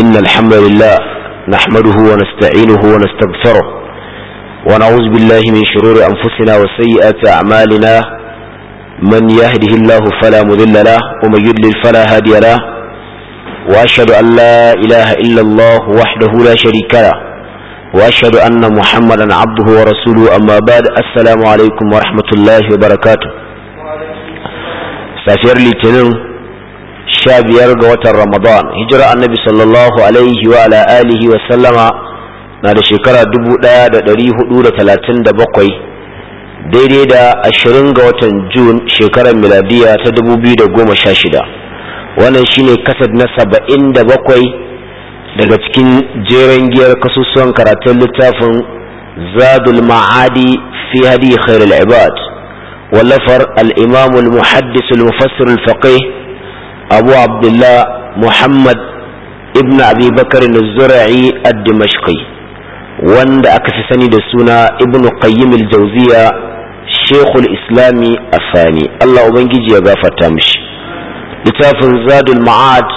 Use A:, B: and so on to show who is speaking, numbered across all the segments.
A: إن الحمد لله نحمده ونستعينه ونستغفره ونعوذ بالله من شرور أنفسنا وسيئات أعمالنا من يهده الله فلا مذل له ومن يضلل فلا هادي له وأشهد أن لا إله إلا الله وحده لا شريك له وأشهد أن محمدا عبده ورسوله أما بعد السلام عليكم ورحمة الله وبركاته سافر لتنم sha biyar ga watan ramadan hijira annabi sallallahu alaihi wa ala alihi wa sallama na da shekara dubu ɗaya da ɗari hudu da talatin da bakwai daidai da ashirin ga watan jun shekarar miladiya ta dubu biyu da goma sha shida wannan shine kasad na saba'in da bakwai daga cikin jeren giyar kasusuwan karatun littafin zadul ma'adi fi hadi khairul ibad wallafar al-imam muhaddis al-mufassir al-faqih abu abdullah muhammad ibn abi bakar zura'i ad-dimashqi wanda aka fi sani da suna ibn qayyim al-jawziya shekul islami afani allah ubangiji ya gafarta mishi littafin zadul ma'ad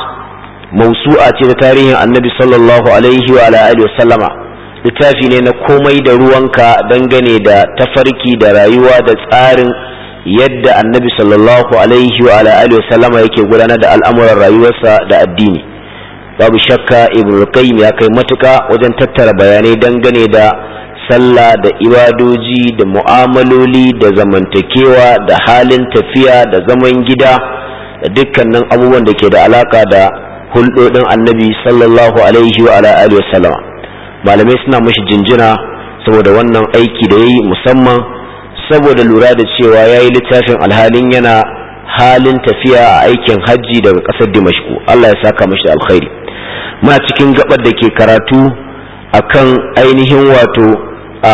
A: mausu'a ce da tarihin annabi sallallahu alaihi wa alihi littafi ne na komai da ruwanka dangane da tafarki da rayuwa da tsarin yadda annabi sallallahu alaihi wa alihi wasallama yake gudanar da al'amuran rayuwarsa da addini babu shakka ibn qayyim ya kai matuka wajen tattara bayanai dangane da sallah da ibadoji da mu'amaloli da zamantakewa da halin tafiya da zaman gida da dukkanin abubuwan da ke da alaka da hulɗoɗin annabi sallallahu alaihi wa alihi wasallama malamai suna mashi jinjina saboda wannan aiki da yayi musamman saboda lura da cewa ya yi littafin alhalin yana halin tafiya a aikin hajji daga ƙasar dimashku Allah ya saka mashi alkhairi muna cikin gabar da ke karatu akan ainihin wato a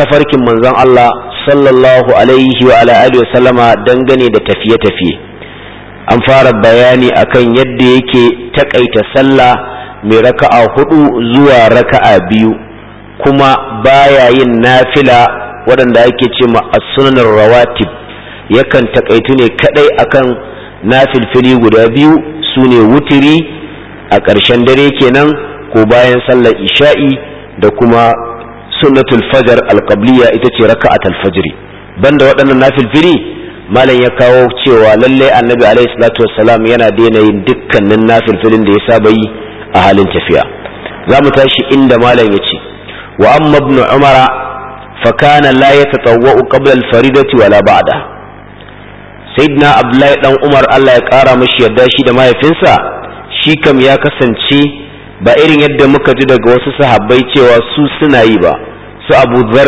A: tafarkin manzon Allah sallallahu alaihi wa alihi wa sallama dangane da tafiye-tafiye an fara bayani akan yadda yake takaita sallah mai raka'a hudu zuwa raka'a biyu kuma baya yin nafila waɗanda ake ce ma as-sunanar rawatib yakan takaitu ne kaɗai akan nafilfili guda biyu sune wutiri a ƙarshen dare kenan ko bayan sallar isha'i da kuma sunnatul fajar alkabliya ita ce raka'atul fajr banda waɗannan nafilfili malam ya kawo cewa lalle annabi alaihi salatu wassalam yana daina yin dukkanin nafilfilin da ya saba yi a halin tafiya za mu tashi inda malam ya ce wa amma ibn umara fakana la ya tatawwa'u qabla al-faridati wala ba'da sayyidina abdullahi dan umar Allah ya kara mishi yadda shi da mahaifinsa shi kam ya kasance ba irin yadda muka ji daga wasu sahabbai cewa su suna yi ba su abu da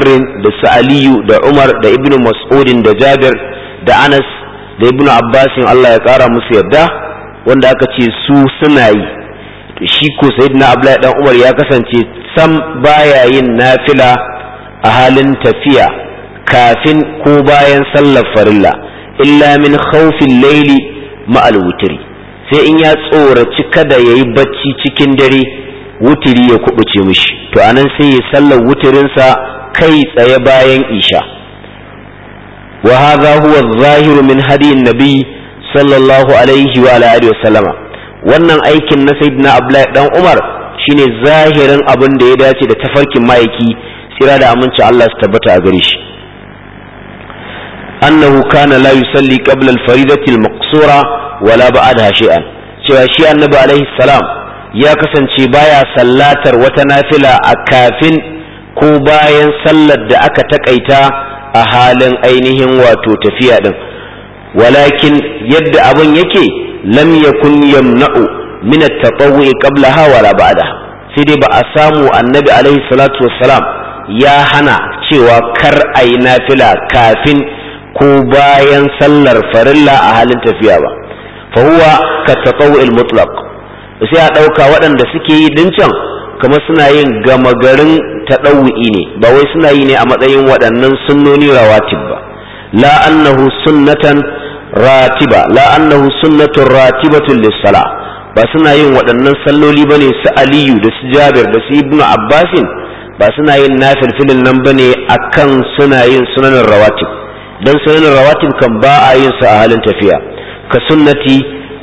A: su aliyu da umar da ibnu mas'udin da jabir da anas da ibnu abbasin Allah ya kara musu yadda wanda aka ce su suna yi shi ko sayyidina abdullahi dan umar ya kasance sam baya yin nafila a halin tafiya kafin ko bayan sallar farilla illa min khawfin laili ma'al wutri sai in ya tsoraci kada yayi bacci cikin dare wutiri ya kubuce mishi to anan sai ya sallar wutirinsa kai tsaye bayan isha wa hadha huwa adh-dhahir min sallallahu alaihi wa alihi wa sallama wannan aikin na sayyidina abdullahi dan umar shine zahirin abin da ya dace da tafarkin ma'aiki kira da aminci Allah su tabbata a gare shi annahu kana la yusalli qabla al-faridati al-maqsura wala ba'daha shay'an cewa shi annabi alaihi salam ya kasance baya sallatar wata nafila a kafin ko bayan sallar da aka takaita a halin ainihin wato tafiya din walakin yadda abin yake lam yakun yamna'u min at-tatawwu qablaha wala ba'daha sai dai ba a samu annabi alaihi salatu wassalam ya hana cewa kar a yi nafila kafin ko bayan sallar farilla a halin tafiya ba fahuwa ka taɓa'ul ilmutlak sai a ɗauka waɗanda suke yi din can kamar suna yin gama garin taɗawu'i ne ba wai suna yi ne a matsayin waɗannan sunnoni rawatib ba la sunnatan ratiba la annahu sunnatun ratibatun lissala ba suna yin waɗannan salloli ba ne su aliyu da su jabir da su ibnu abbasin ba suna yin nafilfilin nan ba ne a kan suna yin sunanin rawatib don sunanin rawatib kan ba a yin su a halin tafiya ka sunnati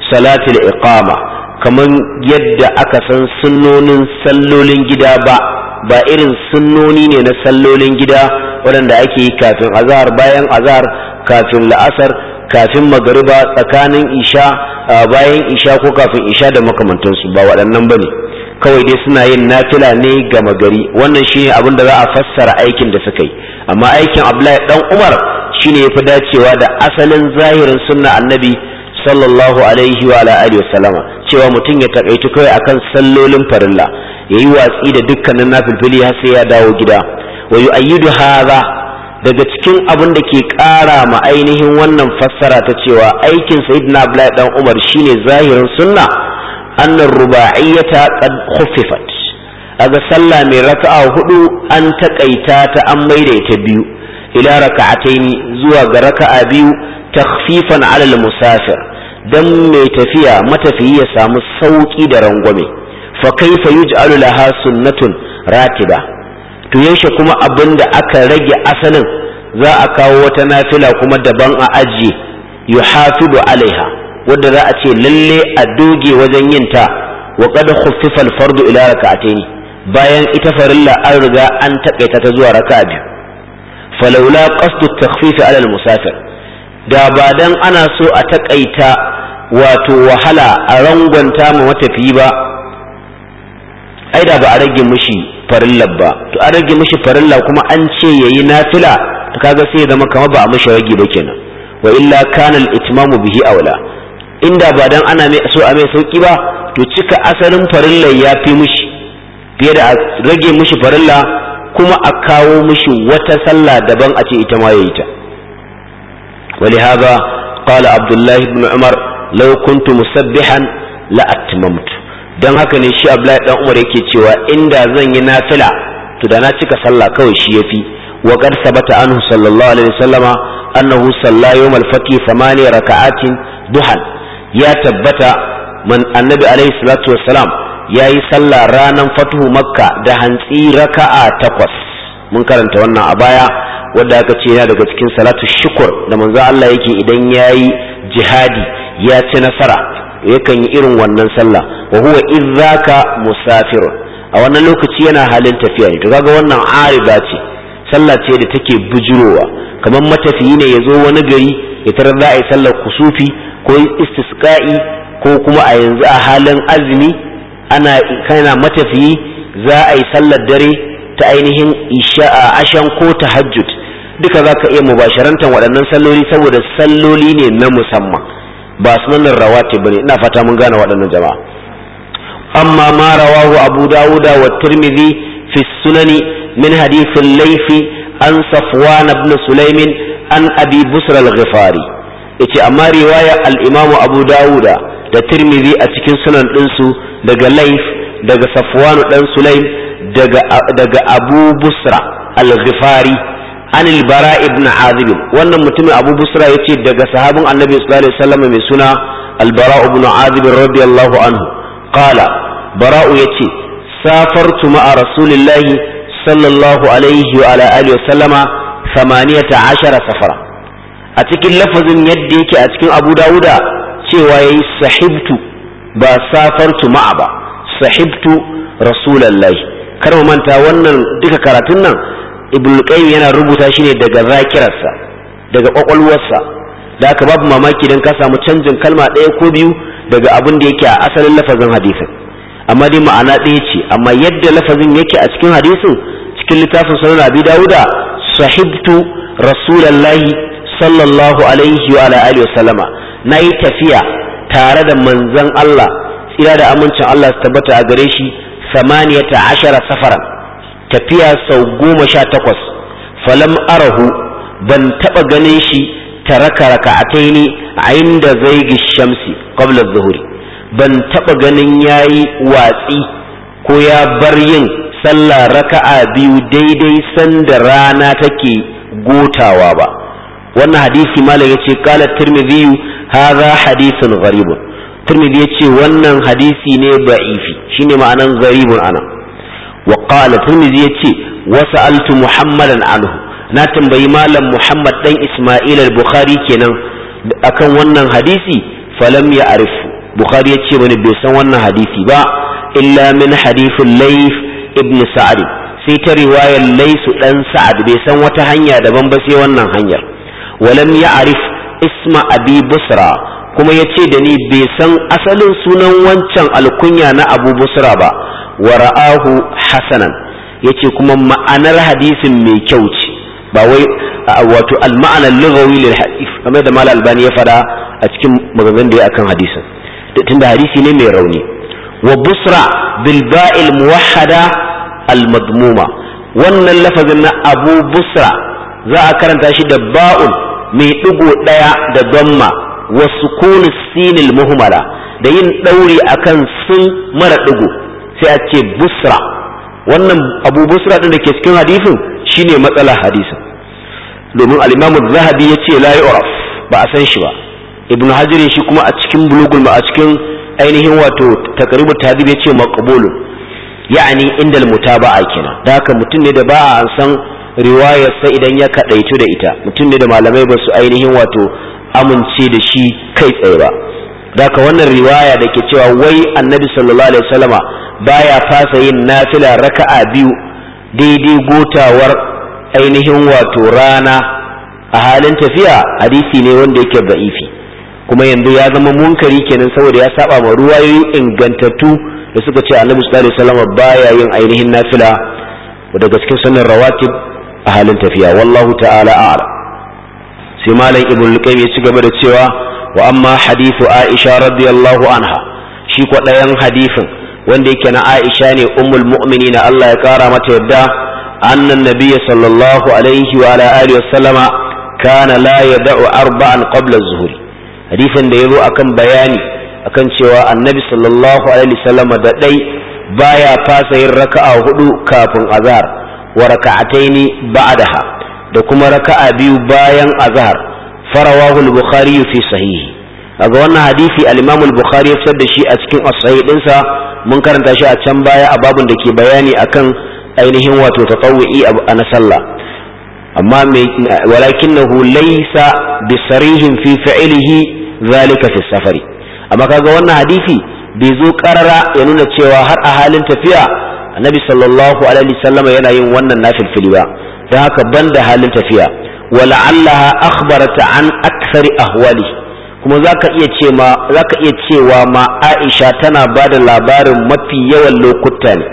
A: salatul iqama kamar yadda aka san sunnonin sallolin gida ba ba irin sunnoni ne na sallolin gida waɗanda ake yi kafin azahar bayan azahar kafin la'asar kafin magariba tsakanin isha bayan isha ko kafin isha da makamantansu ba waɗannan ba ne kawai dai suna yin nafila ne gama gari wannan shine abin da za a fassara aikin da suka yi amma aikin Abdullahi dan Umar shine yafi dacewa da asalin zahirin sunna annabi sallallahu alaihi wa ala alihi salama cewa mutum ya takaitu kawai akan sallolin farilla yayi watsi da dukkanin nafilfili har sai ya dawo gida wa yu'ayyidu hadha daga cikin abin da ke ƙara ma ainihin wannan fassara ta cewa aikin sayyidina Abdullahi dan Umar shine zahirin sunna annar ruba'iyyata qad khuffifat aga sallah mai raka'a hudu an taƙaita ta an maida ita biyu ila raka'ataini zuwa ga raka'a biyu takhfifan alal musafir dan mai tafiya matafiyi ya samu sauƙi da rangwame fa kaifa yuj'alu laha sunnatun ratiba to yaushe kuma da aka rage asalin za a kawo wata nafila kuma daban a ajiye yuhafidu alaiha wadda za a ce lalle a doge wajen yin ta wa qad khuffifa fardu ila raka'atayn bayan ita farilla an riga an takaita ta zuwa raka'a biyu falaula qasdu at-takhfif ala musafir da ba dan ana so a takaita wato wahala a rangwanta ma matafi ba ai da ba a rage mishi farillar ba to an rage mishi farilla kuma an ce yayi nafila to kaga sai ya zama kamar ba a mishi rage ba kenan wa illa kana al-itmamu bihi aula inda ba dan ana mai so a mai sauki ba to cika asalin farilla ya fi mushi fiye da a rage mushi farilla kuma a kawo mushi wata sallah daban a ce ita ma yayi ta ولهذا قال عبد الله بن عمر لو كنت مسبحا لأتممت dan haka ne shi Abdullahi dan Umar yake cewa inda zan yi nafila to da na cika sallah kawai shi yafi wa qad sabata anhu sallallahu alaihi wasallama annahu salla yawm al-fath thamani raka'atin duhan ya tabbata man annabi alaihi salatu wassalam ya yi sallah ranar fatuhu makka da hantsi raka'a takwas mun karanta wannan a baya wadda aka ce yana daga cikin salatu shukur da manzo Allah yake idan ya yi jihadi ya ci nasara yakan yi irin wannan sallah wa huwa idzaka musafir a wannan lokaci yana halin tafiya ne to kaga wannan ariba ce sallah ce da take bujurowa kamar matafiyi ne ya zo wani gari ita za a yi sallar kusufi ko istisqa'i ko kuma a yanzu a halin azumi ana kana matafiyi za a yi sallar dare ta ainihin isha'a ashan ko tahajjud duka zaka iya mubasharantan waɗannan salloli saboda salloli ne na musamman ba sunanin rawati bane ina fata mun gane waɗannan jama'a amma ma rawahu abu dawuda wa tirmidhi fi sunani min hadithin laifi an safwan ibn sulaimin an abi busr al-ghifari yace amma riwaya al-imamu abu dawuda da tirmidhi a cikin sunan ɗinsu daga laif daga safwan dan sulaim daga daga abu busra al-ghifari an al-bara ibn azib wannan mutumin abu busra yace daga sahabin annabi sallallahu alaihi wasallam mai suna al-bara ibn azib radiyallahu anhu qala bara'u yace safartu ma'a rasulillahi sallallahu alaihi wa ala alihi wasallama 18 safara a cikin lafazin yadda yake a cikin Abu Dawuda cewa yayi sahibtu ba safartu ma'a ba sahibtu rasulallahi kar mu manta wannan duka karatun nan Ibn Qayyim yana rubuta shi ne daga zakirarsa daga kwakwalwarsa da aka babu mamaki dan ka samu canjin kalma ɗaya ko biyu daga abin da yake a asalin lafazin hadisin amma dai ma'ana ɗaya ce amma yadda lafazin yake a cikin hadisin cikin littafin sunan abi dauda sahibtu rasulallahi sallallahu alaihi wa alihi wasallama na yi tafiya tare da manzon Allah tsira da amincin Allah su tabbata a gare shi samaniyata ashara safaran tafiya sau goma sha takwas falam arahu ban taɓa ganin shi taraka raka'ataini a inda zai gishamsi qabla zuhuri ban taɓa ganin ya yi watsi ko ya bar yin sallah raka'a biyu daidai sanda rana take gotawa ba wannan hadisi malam yace qala tirmidhi hadha hadithun gharib tirmidhi yace wannan hadisi ne da'ifi shine ma'anan gharibun ana wa qala tirmidhi yace wasa'altu muhammadan anhu na tambayi malam muhammad dan isma'il al-bukhari kenan akan wannan hadisi falam ya arifu bukhari ya ce mana bai san wannan hadisi ba illa min hadithin laif ibn sa'ad sai ta riwayar laisu dan sa'ad bai san wata hanya daban ba sai wannan hanyar walam ya'rif isma abi busra kuma ya ce da ni bai san asalin sunan wancan alkunya na abu busra ba wa ra'ahu hasanan ya ce kuma ma'anar hadisin mai kyau ce ba wai wato al-ma'anar lughawi lil hadith kamar da mal albani ya fada a cikin maganganun da ya akan hadisin tunda hadisi ne mai rauni wa busra bil ba'il muwahhada al madmuma wannan lafazin na abu busra za a karanta shi da ba'un mai digo daya da gamma wa sukun sinil muhmala da yin dauri akan sun mara digo sai a ce busra wannan abu busra din da ke cikin hadisin shine matsalar hadisin domin al-imam zahabi yace la yu'raf ba a san shi ba ibnu hajar shi kuma a cikin bulugul a cikin ainihin wato takribu tadib yace maqbulun ya'ani indal mutaba'a kenan da haka mutum ne da ba a san riwayar sa idan ya kadaitu da ita mutum ne da malamai ba su ainihin wato amince da shi kai tsaye ba da haka wannan riwaya da ke cewa wai annabi sallallahu alaihi wasallama baya fasa yin nafila raka'a biyu daidai gotawar ainihin wato rana a halin tafiya hadisi ne wanda yake ba'ifi kuma yanzu ya zama munkari kenan saboda ya saba ma ruwayoyi ingantattu da suka ce annabi sallallahu alaihi wasallam baya yin ainihin nafila da cikin sunnar rawatib a halin tafiya wallahu ta'ala a'lam sai malam ibnu luqayyim ya ci gaba da cewa wa amma hadithu aisha radiyallahu anha shi ko dayan hadisin wanda yake na aisha ne ummul mu'minin Allah ya kara mata yadda annan nabiyyi sallallahu alaihi wa ala alihi wasallama kana la yad'u arba'an qabla az-zuhri hadisin da ya zo akan bayani akan cewa annabi sallallahu alaihi wasallam da dai baya fasa yin raka'a hudu kafin azhar wa raka'ataini ba'daha da kuma raka'a biyu bayan azhar farawahu al-bukhari fi sahih kaga wannan hadisi al-imam al-bukhari ya fitar da shi a cikin as-sahih dinsa mun karanta shi a can baya a babun da ke bayani akan ainihin wato tatawwi a na sallah amma mai laysa bisarihin fi fi'lihi zalika fi safari amma kaga wannan hadisi bai zo karara ya nuna cewa har a halin tafiya annabi sallallahu alaihi sallama yana yin wannan nafilfili ba da haka banda halin tafiya wala'allaha akhbarata an aksari ahwali kuma zaka iya zaka iya cewa ma Aisha tana bada labarin mafi yawan lokuta ne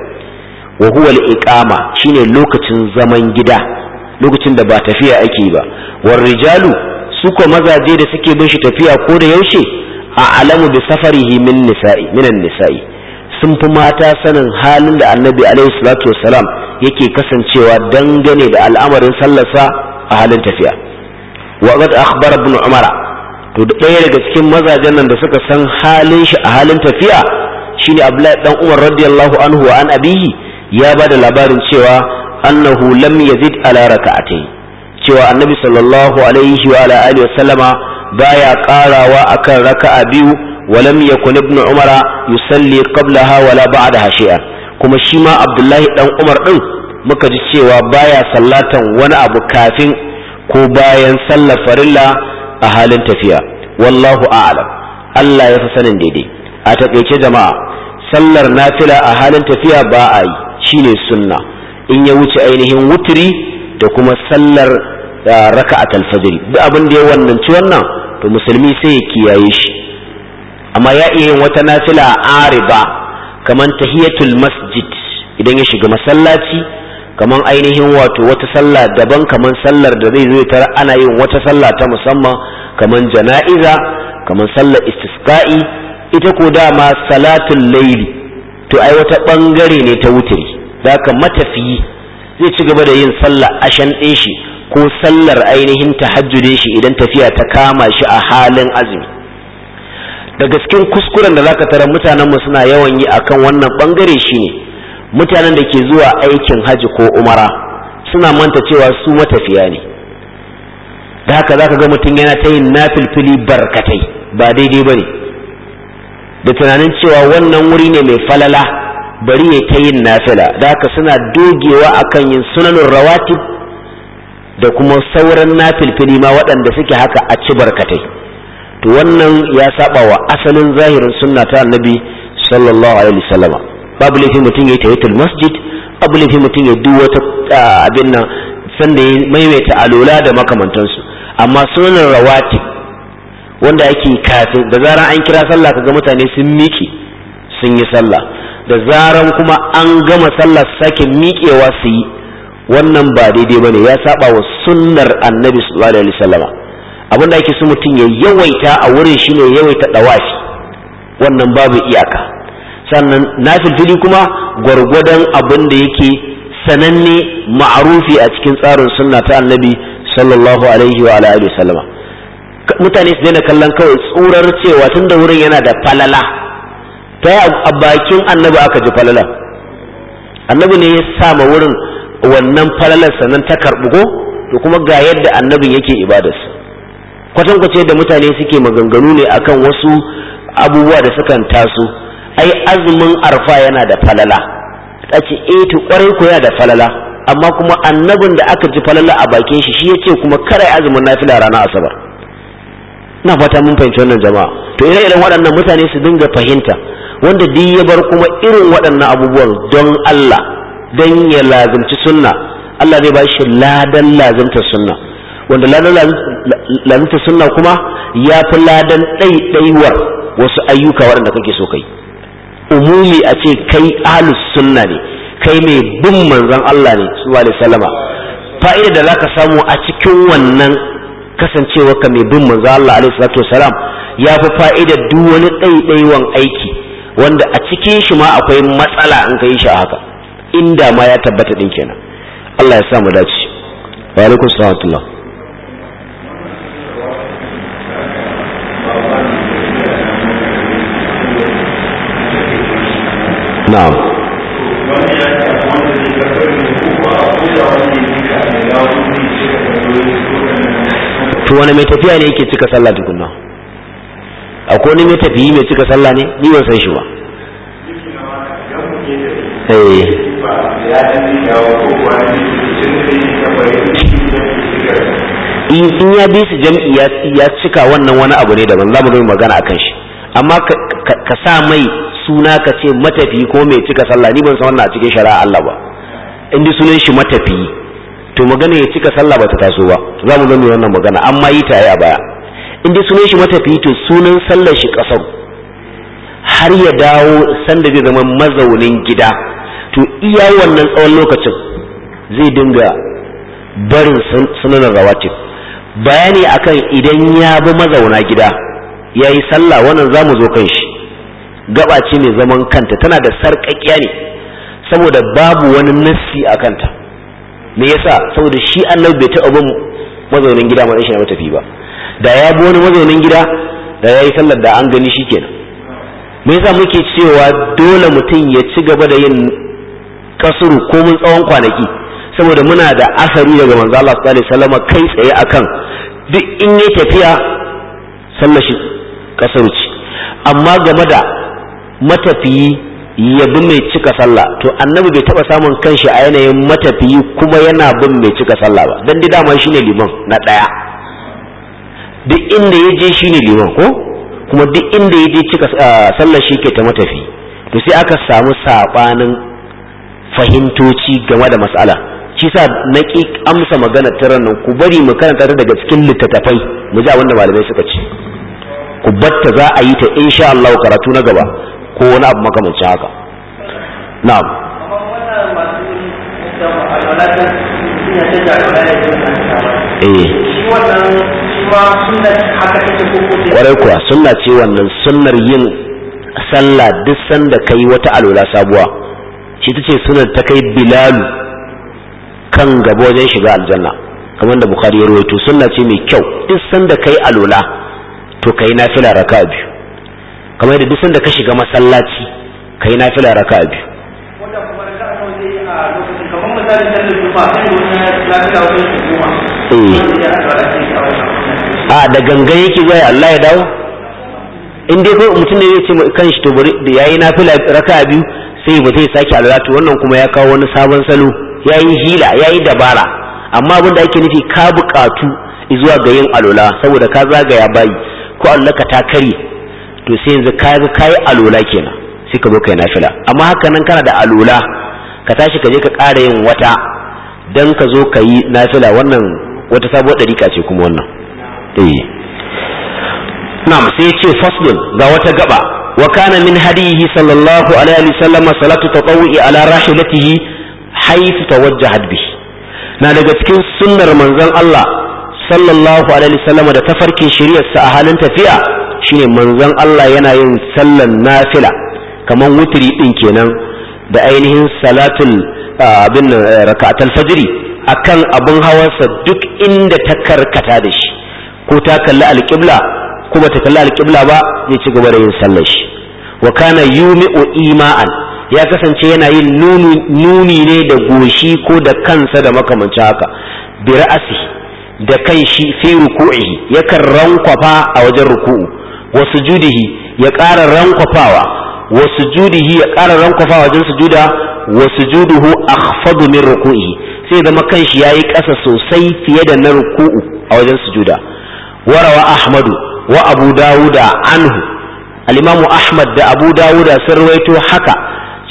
A: wa huwa al-iqama shine lokacin zaman gida lokacin da ba tafiya ake ba war rijalu su ko mazaje da suke bin shi tafiya ko da yaushe a alamu bi safarihi min nisa'i minan nisa'i sun fi mata sanin halin da annabi alaihi salatu wassalam yake kasancewa dangane da al'amarin sallarsa a halin tafiya wa qad akhbara ibn umara to da ɗaya daga cikin mazajen nan da suka san halin shi a halin tafiya shine abdullahi dan umar radiyallahu anhu wa an abihi ya ba da labarin cewa annahu lam yazid ala raka'atayn cewa annabi sallallahu alaihi wa ala alihi wasallama baya karawa akan raka'a biyu walam yakun ibnu umara yusalli qablaha wala ba'daha shay'an kuma shi ma abdullahi dan umar din muka ji cewa baya sallatan wani abu kafin ko bayan sallar farilla a halin tafiya wallahu a'lam Allah ya fi sanin daidai a takaice jama'a sallar nafila a halin tafiya ba a yi shine sunna in ya wuce ainihin wuturi da kuma sallar raka'at a fajr duk abin da ya wannanci wannan to musulmi sai ya kiyaye shi amma ya iya yin wata nafila ariba kaman tahiyatul masjid idan ya shiga masallaci kaman ainihin wato wata sallah daban kaman sallar da zai zo tara ana yin wata sallah ta musamman kamar jana'iza kaman sallar istisqa'i ita ko dama salatul layli to ai wata bangare ne ta wutiri da ka matafiyi zai ci gaba da yin sallah ashan ɗin shi ko sallar ainihin tahajjudin shi idan tafiya ta kama shi a halin azumi da cikin kuskuren da zaka tara mutanen mu suna yawan yi akan wannan bangare shine mutanen da ke zuwa aikin haji ko umara suna manta cewa su matafiya ne da haka zaka ga mutum yana ta yin nafilfili barkatai ba daidai bane da tunanin cewa wannan wuri ne mai falala bari ya ta yin nafila da haka suna dogewa akan yin sunanin rawatib da kuma sauran nafilfili ma waɗanda suke haka a ci barkatai to wannan ya saba wa asalin zahirin sunna ta annabi sallallahu alaihi wasallam babu laifin mutum ya tahiyatul masjid babu laifin mutum ya duk wata abin nan sanda ya maimaita alola da makamantansu amma sunan rawati wanda ake kafin da zaran an kira sallah kaga mutane sun miki sun yi sallah da zaran kuma an gama sallah sake miƙewa su yi wannan ba daidai bane ya saba wa sunnar annabi sallallahu alaihi wasallam abin da ake so mutum ya yawaita a wurin shine yawaita dawashi wannan babu iyaka sannan nafilfili kuma gwargwadon abin da yake sananne ma'arufi a cikin tsarin sunna ta annabi sallallahu alaihi wa alihi wasallam mutane su daina kallon kawai tsurar cewa tunda wurin yana da falala ta a bakin annabi aka ji falala annabi ne ya sama wurin wannan falalar sannan ta karɓi ko to kuma ga yadda annabin yake ibadarsa kwace da mutane suke maganganu ne akan wasu abubuwa da sukan taso ai azumin arfa yana da falala A ce e to kwarai ko yana da falala amma kuma annabin da aka ji falala a bakin shi shi yace kuma karai azumin nafila ranar asabar ina fata mun fahimci wannan jama'a to ire iren waɗannan mutane su dinga fahimta wanda duk ya bar kuma irin waɗannan abubuwan don Allah dan ya lazimci sunna Allah zai shi ladan lazimta sunna wanda ladan lazimta sunna kuma ya fi ladan ɗaiɗaiwar wasu ayyuka waɗanda kake so kai umumi a ce kai ahlus sunna ne kai mai bin manzon Allah ne sallallahu alaihi fa'ida da zaka samu a cikin wannan ka mai bin manzon Allah alaihi salatu ya fi fa'ida duk wani ɗaiɗaiwan aiki wanda a cikin shi ma akwai matsala in ka yi shi haka inda ma ya tabbata din kenan Allah ya sa mu dace wa alaikum salam na'am to wani mai tafiya ne yake cika sallah tukunna akwai wani mai tafiyi mai cika sallah ne ni ban san shi ba eh in ya bi su jam'i ya cika wannan wani abu ne daban za mu zo magana a kan shi amma ka sa mai suna ka ce matafi ko mai cika sallah ni ban san wannan a cikin shari'a Allah ba in ji sunan shi matafi to magana ya cika sallah ba ta taso ba za mu zo wannan magana amma yi ta a baya in ji sunan shi matafi to sunan sallar shi kasar har ya dawo sanda zai zama mazaunin gida to iya wannan tsawon lokacin zai dinga barin sunanar rawatib bayani akan idan ya bi mazauna gida ya yi sallah wannan za mu zo kan shi gaba ce mai zaman kanta tana da sarƙaƙiya ne saboda babu wani nassi a kanta me yasa saboda shi annabi bai taɓa bin mazaunin gida mai shi na ba da ya bi wani mazaunin gida da ya yi sallar da an gani shi kenan me yasa muke cewa dole mutum ya ci gaba da yin kasuru mun tsawon kwanaki saboda muna da asari daga manzo Allah sallallahu alaihi wasallam kai tsaye akan duk in yi tafiya sallar shi kasuru ce amma game da matafiyi ya bi mai cika sallah to annabi bai taba samun kanshi a yanayin matafiyi kuma yana bin mai cika sallah ba dan dai dama shine liman na daya duk inda ya je shine liman ko kuma duk inda ya je cika ah, sallah shi ke ta matafi to sai aka samu sabanin fahimtoci game da mas'ala shi sa na ƙi amsa magana ta nan ku bari mu karanta ta daga cikin littattafai mu ji abin da malamai suka ce ku batta za a yi ta insha Allah karatu na gaba ko wani abu makamancin haka na'am eh. kwarai kuwa suna ce wannan sunnar yin sallah duk sanda ka yi wata alola sabuwa shi ta ce sunan ta kai bilalu kan gaba wajen shiga aljanna kamar da bukari ya rawaito sunna ce mai kyau duk sanda kai alola to kai nafila raka biyu kamar da duk sanda ka shiga masallaci kai nafila raka biyu a da ganga yake zai Allah ya dawo in dai mutum ne ya ce kan shi to bari da yayi nafila raka biyu sai ba zai sake alwalatu wannan kuma ya kawo wani sabon salo ya yi hila ya yi dabara amma abin da ake nufi ka buƙatu zuwa ga yin alola saboda ka zagaya bayi ko ka ta kare to sai yanzu ka ga ka yi alola kenan sai ka zo kai nafila amma haka nan kana da alola ka tashi ka je ka ƙara yin wata dan ka zo ka yi nafila wannan wata sabuwar ɗarika ce kuma wannan eh na'am sai ce faslun ga wata gaba وكان من هديه صلى الله عليه وسلم صلاة تطوع على راحلته حيث توجهت به na daga cikin sunnar manzon Allah sallallahu alaihi wasallam da tafarkin shiryarsa a halin tafiya shine manzon Allah yana yin sallan nafila kamar wutiri ɗin kenan da ainihin salatul abin raka'atul fajri akan abin hawansa duk inda ta karkata da shi ko ta kalli alqibla ko bata kalli alƙibla ba zai ci gaba da yin sallar shi wa kana yumi'u ima'an ya kasance yana yin nuni ne da goshi ko da kansa da makamanci haka bi ra'asi da kan shi fi ruku'ihi yakan rankwafa a wajen ruku'u wa sujudihi ya ƙara rankwafawa wa sujudihi ya ƙara rankwafawa wajen sujuda wa sujuduhu akhfadu min ruku'ihi sai zama kan shi yayi ƙasa sosai fiye da na ruku'u a wajen sujuda warawa ahmadu wa abu dawuda anhu al-imamu ahmad da abu dawuda sun rawaito haka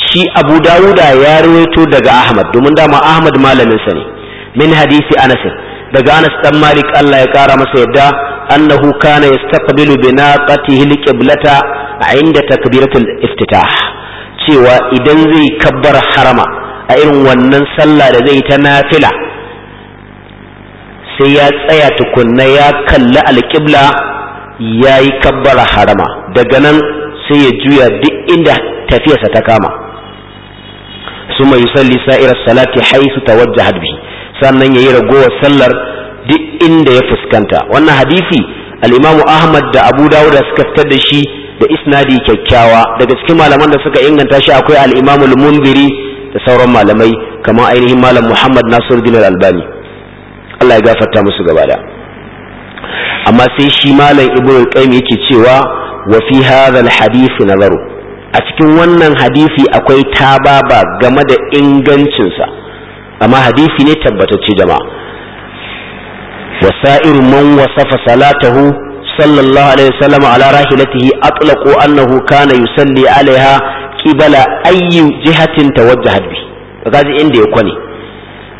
A: shi abu dawuda ya rawaito daga ahmad domin dama ahmad malamin sa ne min hadisi anas daga anas dan malik Allah ya kara masa yadda annahu kana yastaqbilu bi naqatihi al a inda takbiratul iftitah cewa idan zai kabbar harama a irin wannan sallah da zai ta nafila sai ya tsaya tukunna ya kalli alƙibla ya yi kabbara harama daga nan sai ya juya duk inda tafiyarsa ta kama su mai yusalli sa'irar salati haisu ta wajja harbi sannan yi ragowar sallar duk inda ya fuskanta wannan hadisi al'imamu Ahmad da Abu dawuda suka fitar da shi da isnadi kyakkyawa daga cikin malaman da suka inganta shi akwai al'imamu imam munziri da sauran malamai kamar ainihin malam Muhammad nasiru al-Albani Allah ya gafarta musu gaba da amma sai shi malam ibnu qayyim yake cewa wa fi hadha alhadith nazaru a cikin wannan hadisi akwai tababa game da ingancinsa amma hadisi ne tabbatacce jama'a wasa'ir man wasafa salatahu sallallahu alaihi wasallam ala rahilatihi atlaqu annahu kana yusalli alaiha qibala ayyi jihatin tawajjaha bi kaga inda ya kwane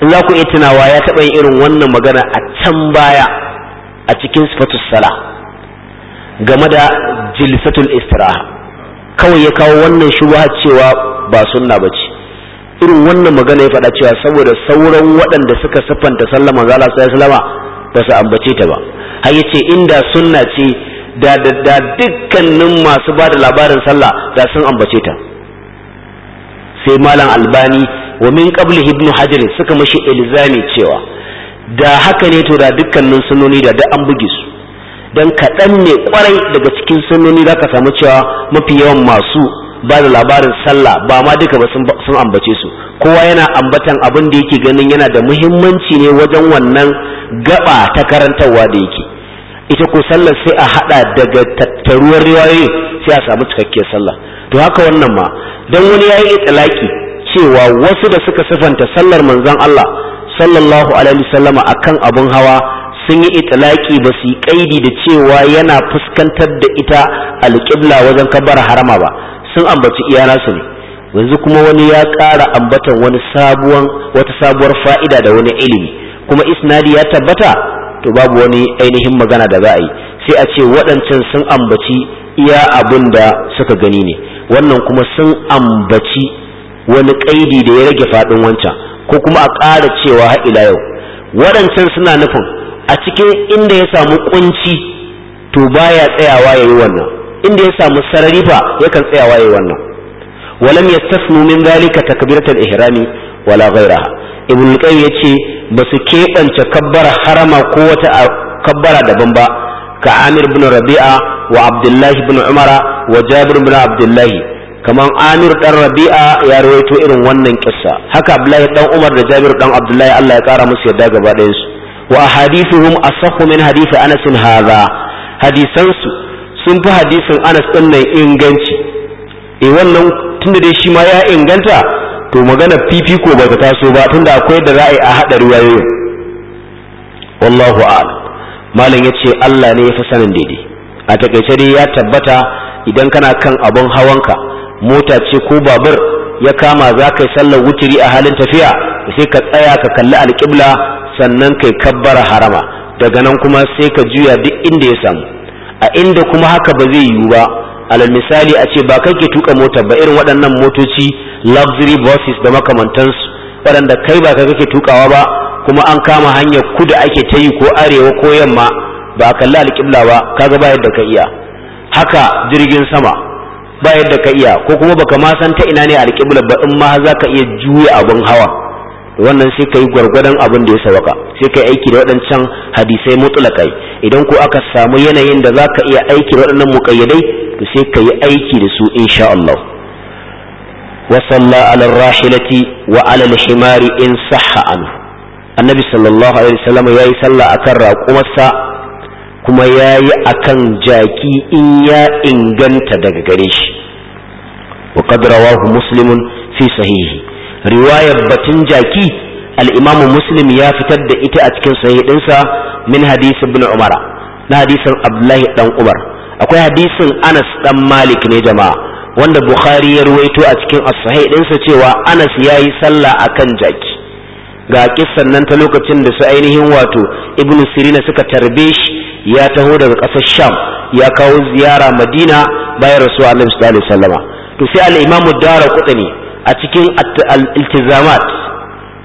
A: in za ku iya tunawa ya taɓa yin irin wannan magana a can baya a cikin sifatus sala game da jilsatul istiraha kawai ya kawo wannan shubha cewa ba sunna ba ce irin wannan magana ya faɗa cewa saboda sauran waɗanda suka siffanta sallama za Allah sallallahu salama ba su ambace ta ba har yace inda sunna ce da da dukkanin masu ba da labarin sallah da sun ambace ta sai malam albani wa min qabli ibnu hajar suka mashi ilzami cewa da haka ne to da dukkanin sunoni da duk an buge su don kaɗan ne kwarai daga cikin sunoni za ka samu cewa mafi yawan masu ba da labarin sallah ba ma duka ba sun ambace su kowa yana ambatan abin da yake ganin yana da muhimmanci ne wajen wannan gaba ta karantarwa da yake ita ko sallar sai a hada daga tattaruwar riwayoyi sai a samu cikakkiyar sallah to haka wannan ma don wani yayi itilaki cewa wasu da suka sifanta sallar manzon Allah sallallahu alaihi wasallama akan abun hawa sun yi itlaki ba su yi kaidi da cewa yana fuskantar da ita alƙibla wajen kabbar harama ba sun ambaci iyana su ne yanzu kuma wani ya ƙara ambatan wani sabuwan wata sabuwar fa'ida da wani ilimi kuma isnadi ya tabbata to babu wani ainihin magana da za a yi sai a ce waɗancan sun ambaci iya abin da suka gani ne wannan kuma sun ambaci wani kaidi da ya rage faɗin wancan ko kuma a ƙara cewa har ila yau waɗancan suna nufin a cikin inda ya samu kunci to baya tsayawa yayi wannan inda ya samu sarari fa yakan tsayawa ya yi wannan walam yastasnu min zalika takbiratul ihrami wala ghayraha ibn qayyim yace basu keɓance kabbara harama ko wata kabbara daban ba ka amir ibn rabi'a wa abdullahi ibn umara wa jabir ibn abdullahi kamar amir dan rabi'a ya rawaito irin wannan kissa haka abdullahi dan umar da jabir dan abdullahi Allah ya kara musu yadda gaba ɗayan su wa ahadithuhum asahhu min hadithi anas hadha hadisan su sun fi hadisin anas din nan inganci eh wannan tunda dai shi ma ya inganta to magana fifiko ba ta taso ba tunda akwai da ra'ayi a hada riwayoyin wallahu a'lam malam yace Allah ne ya fi sanin daidai a takaice dai ya tabbata idan kana kan abun hawanka mota ce ko babur ya kama za ka yi sallar wuturi a halin tafiya sai ka tsaya ka kalli alƙibla sannan kai kabbara harama daga nan kuma sai ka juya duk inda ya samu a inda kuma haka ba zai yiwu ba alal misali a ce ba kai ke tuka mota ba irin waɗannan motoci luxury buses da makamantansu waɗanda kai ba kai kake tukawa ba kuma an kama hanyar kudu ake ta yi ko arewa ko yamma ba a kalli alƙibla ba kaga ba yadda ka iya haka jirgin sama ba yadda ka iya ko kuma baka ma san ta ina ne alƙibla ba in ma za ka iya juya abun hawa wannan sai ka yi gwargwadon abin da ya sauka sai ka yi aiki da waɗancan hadisai mutulakai idan ko aka samu yanayin da za ka iya aiki da waɗannan muƙayyadai to sai ka yi aiki da su insha Allah wa salla ala rahilati wa ala himari in sahha an annabi sallallahu alaihi wasallam yayi sallah akan raƙumarsa kuma ya yi a kan jaki in ya inganta daga gare shi wa rawahu muslimun fi sahihi riwayar batun jaki al'imamu muslim ya fitar da ita a cikin sahihinsa min hadisin bin umar na hadisin abdullahi dan umar akwai hadisin anas dan malik ne jama'a wanda bukhari ya ruwaito a cikin sahihinsa cewa anas ya yi sallah a kan jaki ga kissan nan ta lokacin da su ainihin wato Ibn sirina suka tarbe shi ya taho daga ƙasar sham ya kawo ziyara madina bayan rasuwa annabi sallallahu alaihi wasallama to sai al-imamu dara qutni a cikin al-iltizamat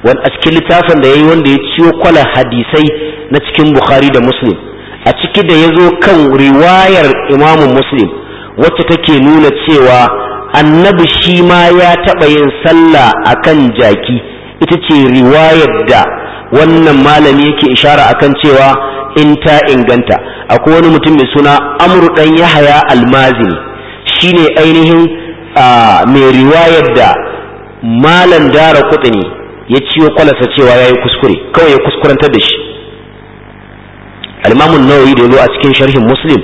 A: wal a cikin littafin da yayi wanda ya ciyo kwala hadisai na cikin bukhari da muslim a ciki da ya zo kan riwayar imamu muslim wacce take nuna cewa annabi shi ma ya taɓa yin sallah a kan jaki ita ce riwayar da wannan malami yake ishara akan cewa in ta inganta akwai wani mutum mai suna amru dan yahaya almazini shine ainihin mai riwayar da malam dara kutini ya ciwo kwalasa cewa ya yi kuskure kawai ya kuskurantar da shi almamun nawawi da ya a cikin sharhin muslim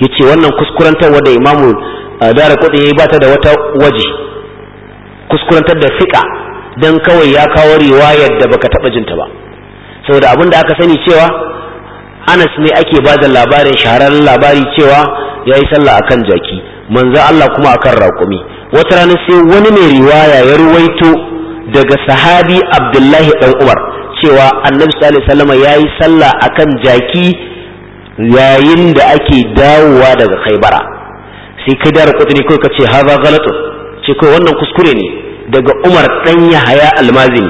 A: ya ce wannan kuskurantarwa wadda imamu dara kutini ya yi bata da wata waje kuskurantar da fiƙa don kawai ya kawo riwayar da baka taɓa jinta ba saboda abin da aka sani cewa anas ne ake ba da labarin shahararren labari cewa ya yi sallah a kan jaki manzo Allah kuma akan raƙumi wata rana sai wani mai riwaya ya ruwaito daga sahabi abdullahi ɗan umar cewa annabi sallallahu alaihi wasallam ya yi sallah a kan jaki yayin da ake dawowa daga khaibara sai kai dara raƙutuni kawai ka ce haza galatu. ce kawai wannan kuskure ne daga umar dan yahaya almazini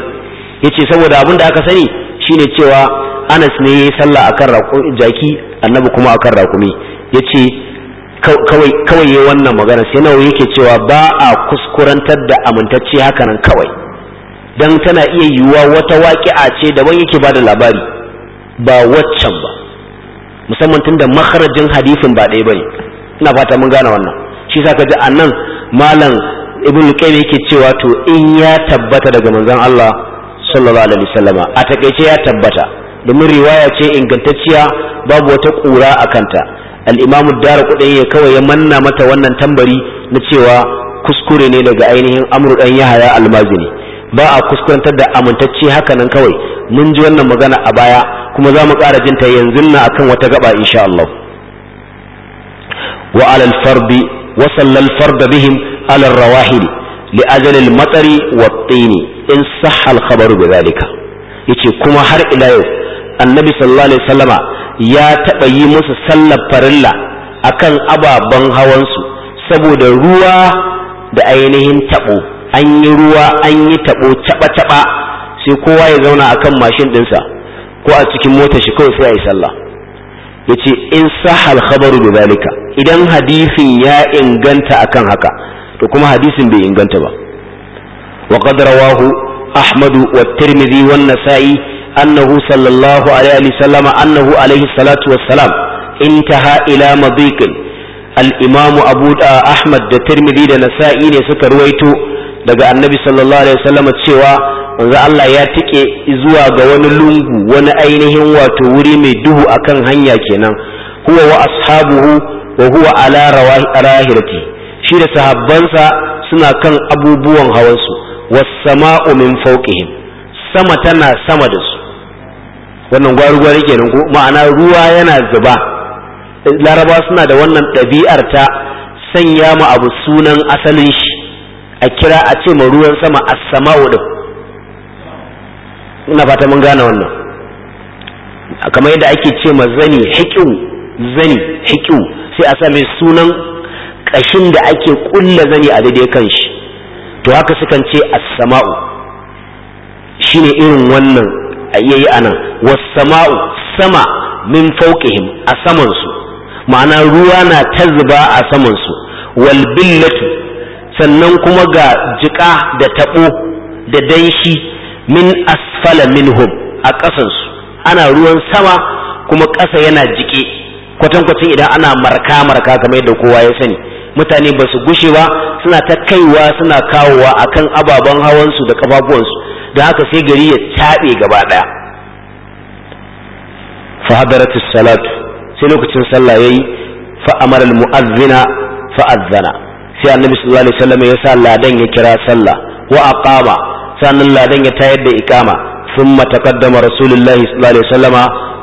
A: yace saboda abin da aka sani shine cewa Anas ne yayi sallah akan jaki annabi kuma akan rakumi yace kawai kawai yayi wannan magana sai nawa yake cewa ba a kuskurantar da amintacce hakanan kawai dan tana iya yiwuwa wata waƙi'a ce daban yake bada labari ba waccan ba musamman tunda makarajin hadisin ba ɗaya bane ina fata mun gane wannan shi sa a annan malam ibn qayyim yake cewa to in ya tabbata daga manzon Allah sallallahu alaihi wasallama a takeice ya tabbata domin riwaya ce ingantacciya babu wata kura a kanta al-imam ad-darqutni ya kawai ya manna mata wannan tambari na cewa kuskure ne daga ainihin amru dan yahaya al-mazini ba a kuskurantar da amintacci hakanan kawai mun ji wannan magana a baya kuma za mu ƙara jinta yanzu na akan wata gaba insha Allah wa alal fardi wa sallal fard bihim alal rawahili li ajalil matsari wa tsini in sahal khabaru bi zalika yace kuma har ila yau annabi sallallahu alaihi wasallama ya taba yi musu sallar farilla akan ababen hawan su saboda ruwa da ainihin tabo an yi ruwa an yi tabo taba taba sai kowa ya zauna akan mashin ɗinsa ko a cikin motar shi kawai sai ayi sallah yace in sahal khabaru bi zalika idan hadisin ya inganta akan haka to kuma hadisin bai inganta ba wa qad rawahu ahmad wa tirmidhi wa nasa'i annahu sallallahu alaihi wasallam annahu alaihi salatu wassalam intaha ila madiqin al-imam abu uh, ahmad da tirmidhi da nasa'i ne suka ruwaito daga annabi sallallahu alaihi wasallam cewa wanzu Allah ya tike zuwa ga wani lungu wani ainihin wato wuri mai duhu akan hanya kenan huwa wa ashabuhu wa ala shi da sahabbansa suna kan abubuwan hawansu wasama'u min fawqihim sama tana sama da su wannan gwarugwari kenan ko ma'ana ruwa yana zuba laraba suna da wannan ɗabi'ar ta sanya ma abu sunan asalin shi a kira a ce ma ruwan sama as-sama'u din ina fata mun gane wannan kamar yadda ake ce ma zani hikiu zani hikiu sai a sami sunan kashin da ake ƙulla zani a daidai kan shi to haka sukan ce as-sama'u shine irin wannan yayi anan was-sama'u sama min fawqihim a saman su ma'ana ruwa na ta zuba a saman su wal billatu sannan kuma ga jiƙa da tabo da danshi min asfala minhum a ƙasansu ana ruwan sama kuma ƙasa yana jike kwatankwacin idan ana marka marka kamar yadda kowa ya sani mutane ba su gushe ba suna ta kaiwa suna kawowa akan ababen hawansu da kafafuwansu da haka sai gari ya taɓe gaba ɗaya fa salatu sai lokacin sallah yayi fa amara al muazzina fa azzana sai annabi sallallahu alaihi wasallam ya sa ladan ya kira sallah wa aqama sannan ladan ya tayar da iqama thumma taqaddama rasulullahi sallallahu alaihi wasallam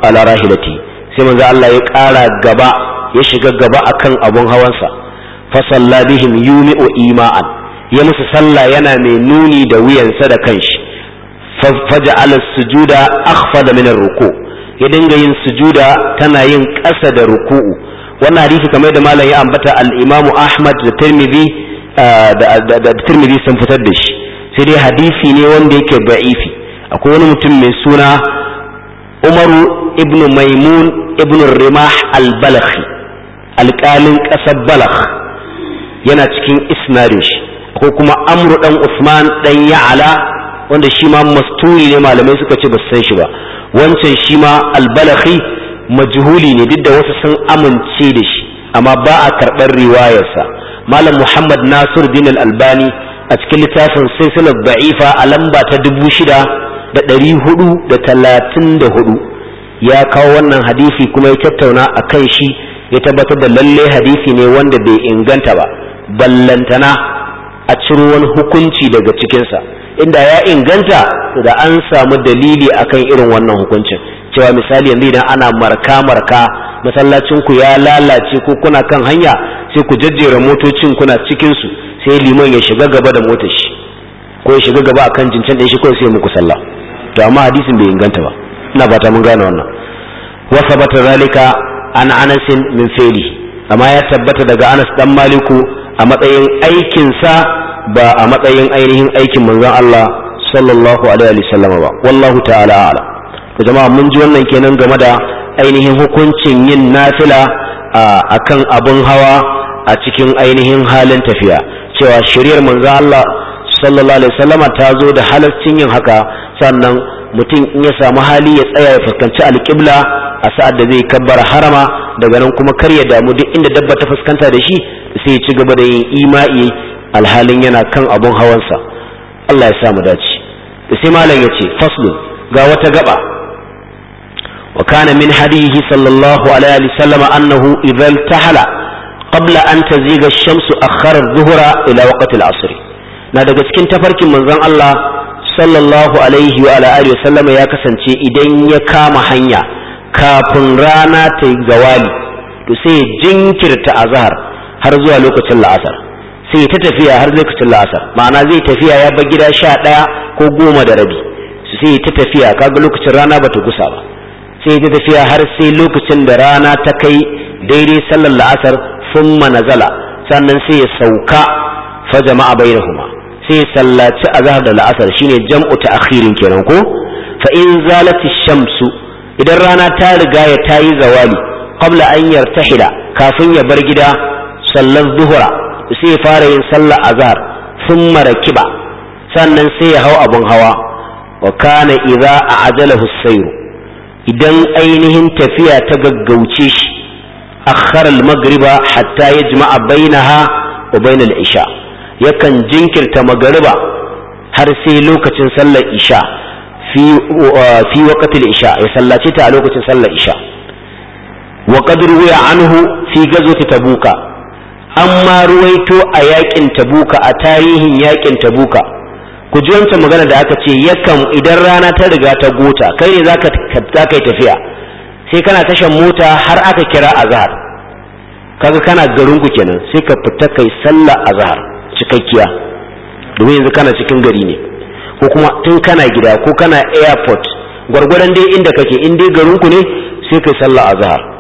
A: ala rahilati sai manzo Allah ya ƙara gaba ya shiga gaba akan abun hawansa fasalla bihim yumi'u ima'an ya musu sallah yana mai nuni da wuyansa da kanshi faja'ala sujuda akhfada min ruku ya dinga yin sujuda tana yin ƙasa da ruku'u wannan hadisi kamar da malam ya ambata al-Imam Ahmad da Tirmidhi uh, da sun fitar da shi sai dai hadisi ne wanda yake ba'ifi akwai wani mutum mai suna Umaru ibn Maimun ibn Rimah al-Balakhi alƙalin ƙasar Balakh yana cikin isnadin shi ko kuma amru dan usman dan ya'ala wanda shi ma masturi ne malamai suka ce ba san shi ba wancan shi ma albalaghi majhuli ne duk da wasu sun amince da shi amma ba a karɓar riwayarsa malam muhammad nasir din albani a cikin littafin silsilar da'ifa a lamba ta dubu shida da ɗari hudu da talatin da hudu ya kawo wannan hadisi kuma ya tattauna a kan shi ya tabbatar da lalle hadisi ne wanda bai inganta ba ballantana a ciro wani hukunci daga cikinsa inda ya inganta da an samu dalili akan irin wannan hukuncin cewa misali yanzu idan ana marka marka masallacin ku ya lalace ko kuna kan hanya sai ku jajjera motocin kuna cikin su sai liman ya shiga gaba da motar shi ko ya shiga gaba akan jincan din shi ko sai muku sallah to amma hadisin bai inganta ba ina fata mun gane wannan wa sabata zalika an anasin min fi'li amma ya tabbata daga Anas dan Maliku a matsayin aikinsa ba a matsayin ainihin aikin manzon Allah sallallahu alaihi wasallam ba wallahu ta'ala ala to jama'a mun ji wannan kenan game da ainihin hukuncin yin nafila akan abin hawa a cikin ainihin halin tafiya cewa shiriyar manzon Allah sallallahu alaihi wasallam ta zo da halaccin yin haka sannan mutum in ya samu hali ya tsaya ya fuskanci alƙibla a sa'ad da zai kabbara harama daga nan kuma kar ya damu duk inda dabba ta fuskanta da shi sai ci gaba da yin ima'i alhalin yana kan abun hawansa Allah ya sa mu dace sai malam ce faslun ga wata gaba wa kana min hadihi sallallahu alaihi sallam, annahu idza tahala qabla an taziga shamsu akhara adh-dhuhra ila waqti al-'asr na daga cikin tafarkin manzon Allah sallallahu alaihi wa alihi ya kasance idan ya kama hanya kafin rana ta yi gawali to sai jinkirta azhar har zuwa lokacin la'asar sai ta tafiya har lokacin la'asar ma'ana zai tafiya ya bar gida sha ɗaya ko goma da rabi sai ta tafiya kaga lokacin rana ba ta gusa ba sai ta tafiya har sai lokacin da rana ta kai daidai sallar la'asar sun manazala sannan sai ya sauka fa jama'a bai da kuma sai sallaci a zahar da la'asar shine jam'u ta akhirin kenan ko fa in zalati shamsu idan rana ta riga ya ta yi zawali qabla an yartahila kafin ya bar gida sallar zuhura sai fara yin sallar azhar sun marakiba sannan sai ya hau abin hawa wa kana idza a'jalahu sayru idan ainihin tafiya ta gaggauce shi akhara al-maghriba hatta yajma'a bainaha wa bain al-isha yakan jinkirta magariba har sai lokacin sallar isha fi waqtil isha ya sallace ta a lokacin sallar isha wa qad ruwiya anhu fi ta tabuka ma ruwaito a yakin tabuka a tarihin yakin tabuka ku ji wancan magana da aka ce yakan idan rana ta riga ta gota kai ne za ka yi tafiya sai kana tashan mota har aka kira azhar kaga kana garin ku kenan sai ka fita kai sallah azhar cikakkiya domin yanzu kana cikin gari ne ko kuma tun kana gida ko kana airport gwargwaron dai inda kake in dai garin ku ne sai kai sallah azhar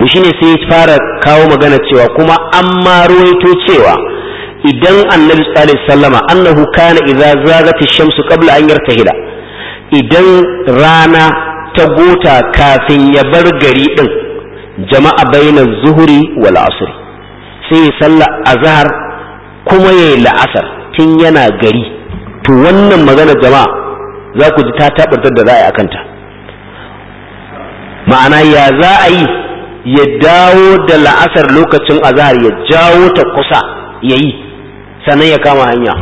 A: to shine sai ya fara kawo magana cewa kuma an ma ruwaito cewa idan annabi sallallahu alaihi wasallama annahu kana idza zagat ash-shamsu qabla an yartahila idan rana ta gota kafin ya bar gari din jama'a baina zuhuri wal asr sai salla azhar kuma yayi la'asar tun yana gari to wannan magana jama'a za ku ji ta tabbatar da za a akanta ma'ana ya za a yi ya dawo da la'asar lokacin azhar ya jawo ta kusa ya yi sannan ya kama hanya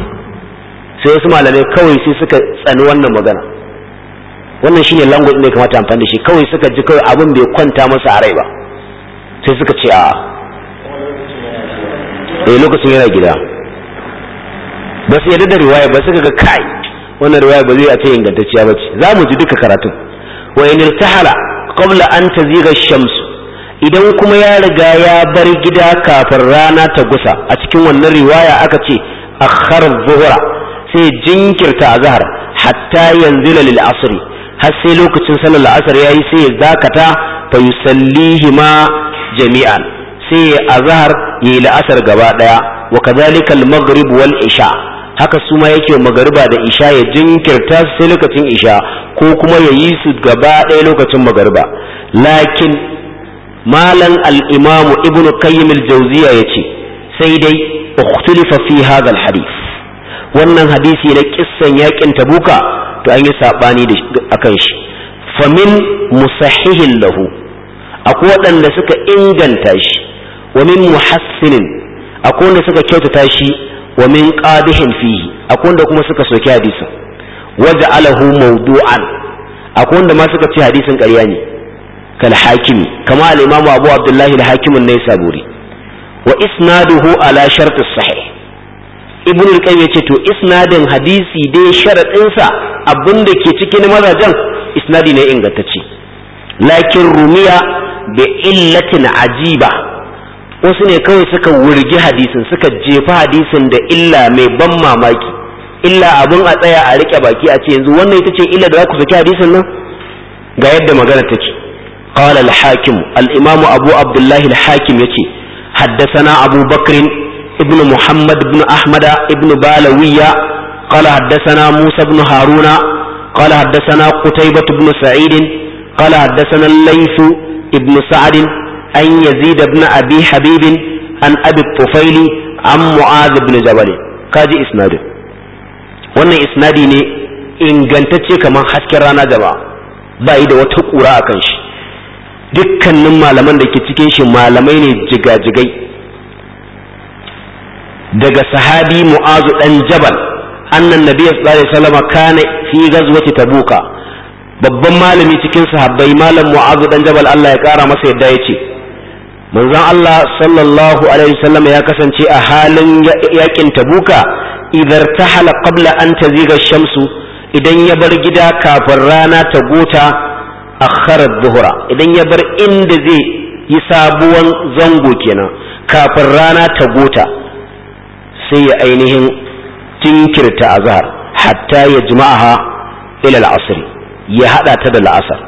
A: sai wasu malamai kawai sai suka tsani wannan magana wannan shine language ne kamata amfani da shi kawai suka ji kawai abin bai kwanta masa a rai ba sai suka ce a eh lokacin yana gida ba su yarda da riwaya ba suka ga kai wannan riwaya ba zai a ce ingantacciya ba ce za mu ji duka karatun wa in irtahala qabla an taziga ash-shams idan kuma ya riga ya bar gida kafin rana ta gusa a cikin wannan riwaya aka ce akhar zuhura sai jinkirta azhar hatta yanzu lil asiri, har sai lokacin sallar la'asar yayi sai ya zakata fa ma jami'an sai ya azhar yayi la'asar gaba daya wa kadhalika al maghrib wal isha haka su ma yake magariba da isha ya jinkirta sai lokacin isha ko kuma ya yi su gaba ɗaya lokacin magariba lakin malan Alimamu imamu ibn qayyim al-jawziya yace sai dai ukhtilifa fi wannan hadisi na kissan yakin tabuka to an yi sabani akan shi famin musahihin lahu akwai waɗanda suka inganta shi wa min muhassinin akwai wanda suka kyautata shi wa min qadihin fihi akwai wanda kuma suka soki hadisin waja alahu mawdu'an akwai wanda ma suka ce hadisin ƙarya ne kal hakimi kama al imam abu abdullahi al hakim an naysaburi wa isnaduhu ala shart as sahih ibn al qayyim yace to isnadin hadisi dai sharadin sa abinda ke cikin mazajen isnadi ne ingantacce lakin rumiya bi illatin ajiba wasu ne kawai suka wurgi hadisin suka jefa hadisin da illa mai ban mamaki illa abun a tsaya a rike baki a ce yanzu wannan ita ce illa da za ku saki hadisin nan ga yadda magana take قال الحاكم الإمام أبو عبد الله الحاكم يتي حدثنا أبو بكر ابن محمد بن أحمد ابن بالوية قال حدثنا موسى بن هارون قال حدثنا قتيبة بن سعيد قال حدثنا الليث ابن سعد أن يزيد بن أبي حبيب أن أبي الطفيل عن معاذ بن جبل كاجي إسناده وأن إسنادي ne ingantacce kamar hasken rana jama'a ba yi da wata ƙura a kan shi dukkanin malaman da ke cikin shi malamai ne jigajigai daga sahabi mu'azu dan jabal annan nabi sallallahu alaihi wasallam kana fi ghazwati tabuka babban malami cikin sahabbai malam mu'azu dan jabal Allah ya kara masa yadda yace manzon Allah sallallahu alaihi wasallam ya kasance a halin yakin tabuka idar tahala qabla an taziga shamsu idan ya bar gida kafin rana ta gota akharar zuhura idan ya bar inda zai yi sabuwan zango kenan kafin rana ta gota sai ya ainihin jinkirta azhar hatta ya jima'aha ila al'asri ya hada ta da la'asar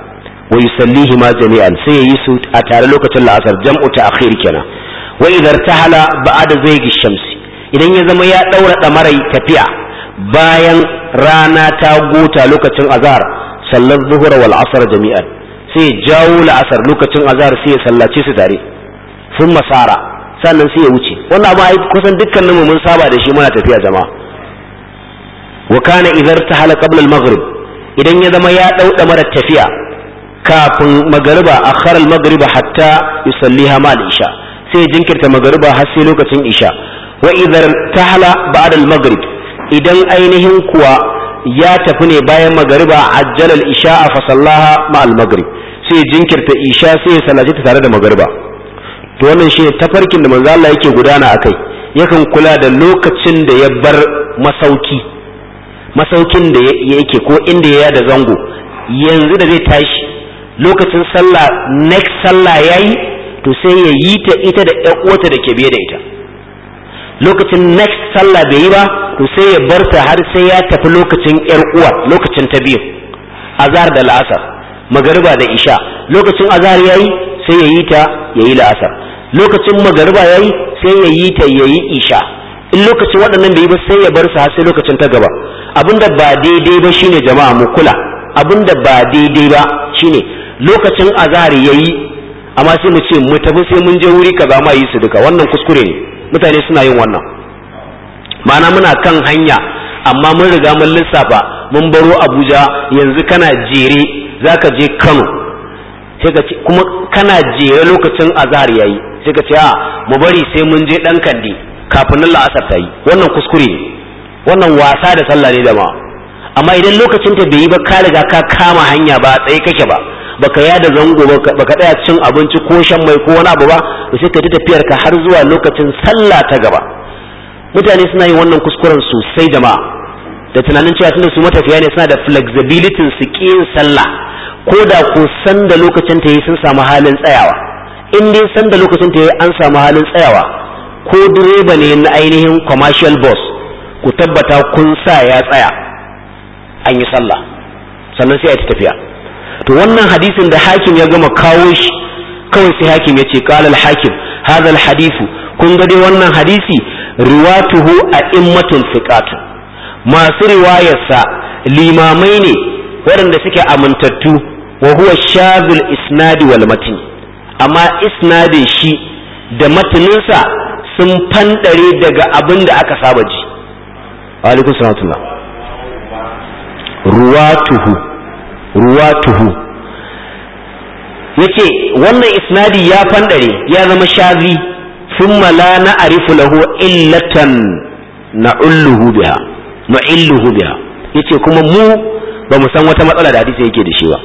A: wa yusallihi ma jami'an sai ya yi su a tare lokacin la'asar jam'u ta akhir kenan wa idar tahala ba'ada zai shamsi idan ya zama ya daura damarai tafiya bayan rana ta gota lokacin azhar sallar zuhura wal asar jami'an sai jawo la'asar lokacin azhar sai ya sallace su tare sun masara sannan sai ya wuce wannan ba kusan dukkanin mu mun saba da shi muna tafiya jama'a wa kana idhar tahala qabla al maghrib idan ya zama ya dauda mara tafiya kafin magariba akhar al maghrib hatta yusalliha ma al isha sai jinkirta magariba har sai lokacin isha wa idhar tahala ba'da al maghrib idan ainihin kuwa ya tafi ne bayan magariba a al Isha fa sallaha ma al sai jinkirta isha sai ya ta tare da magariba to wannan shi ne tafarkin da manzo Allah yake gudana akai yakan kula da lokacin da ya bar masauki masaukin da yake ko inda ya da zango yanzu da zai tashi lokacin sallah next sallah yayi to sai ya yi ta ita da ƴan uwata da ke biye da ita lokacin next sallah bai yi ba to sai ya bar ta har sai ya tafi lokacin yar uwa lokacin ta biyu azhar da la'asar magariba da isha lokacin azhar yayi sai ya yi ta yayi la'asar lokacin magariba yayi sai ya yi ta yayi isha in lokacin waɗannan bai yi ba sai ya bar sa har sai lokacin ta gaba abinda ba daidai ba shine jama'a mu kula abinda ba daidai ba shine lokacin azhar yayi amma sai mu ce mu tafi sai mun je wuri kaza ma yi su duka wannan kuskure ne mutane suna yin wannan ma'ana muna kan hanya amma mun riga mun lissafa mun baro abuja yanzu kana jere za ka je kano kuma kana jere lokacin azhar yayi sai ka ce a ah, mu bari sai mun je dan Kande kafin la'asar ta yi wannan kuskure ne wannan wasa da sallah ne da ma amma idan lokacin ta bai yi ba ka riga ka kama hanya ba tsaye kake ba baka yada zango baka tsaya cin abinci ko shan mai ko wani abu ba to sai ka ta tafiyar ka har zuwa lokacin sallah ta gaba mutane suna yin wannan kuskuren sosai jama'a da tunanin cewa tunda su matafiya ne suna da flexibility su yin sallah ko da ko san da lokacin ta yi sun samu halin tsayawa in dai san da lokacin ta yi an samu halin tsayawa ko direba ne na ainihin commercial bus ku tabbata kun sa ya tsaya an yi sallah sannan sai a tafiya to wannan hadisin da hakim ya gama kawo shi kawai sai hakim ya ce qala al hakim hadha al hadithu kun ga dai wannan hadisi riwatuhu a'immatun thiqatu masu riwayarsa limamai ne waɗanda suke amintattu wa huwa shazul isnadi wal matin amma isnadin shi da matininsa sun fandare daga abin da aka saba ji alaikum salatu ruwatuhu ruwatuhu yace wannan isnadi ya fandare ya zama shazi thumma la na'rifu lahu illatan na'ulluhu biha na'illuhu biha yace kuma mu ba mu san wata matsala da hadisi yake da shi ba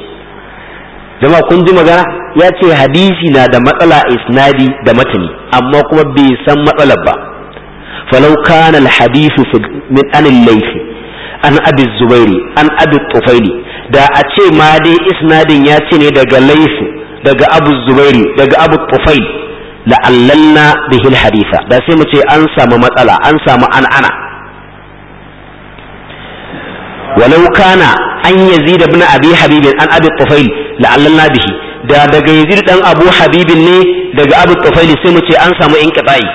A: jama'a kun ji magana ya ce hadisi na da matsala isnadi da matani amma kuma bai san matsalar ba falau kana alhadithu min an laifi an abi zubairi an abi tufaili da a ce ma dai isnadin ya ce ne daga laifu daga abu zubairi daga abu tufail la'allanna bihil haditha da sai mu ce an samu matsala an samu an'ana walau kana an da bin abi habibin an abi kufai la'allanna bihi da daga yazid dan abu habibin ne daga abu kufai sai mu ce an samu in kitsayi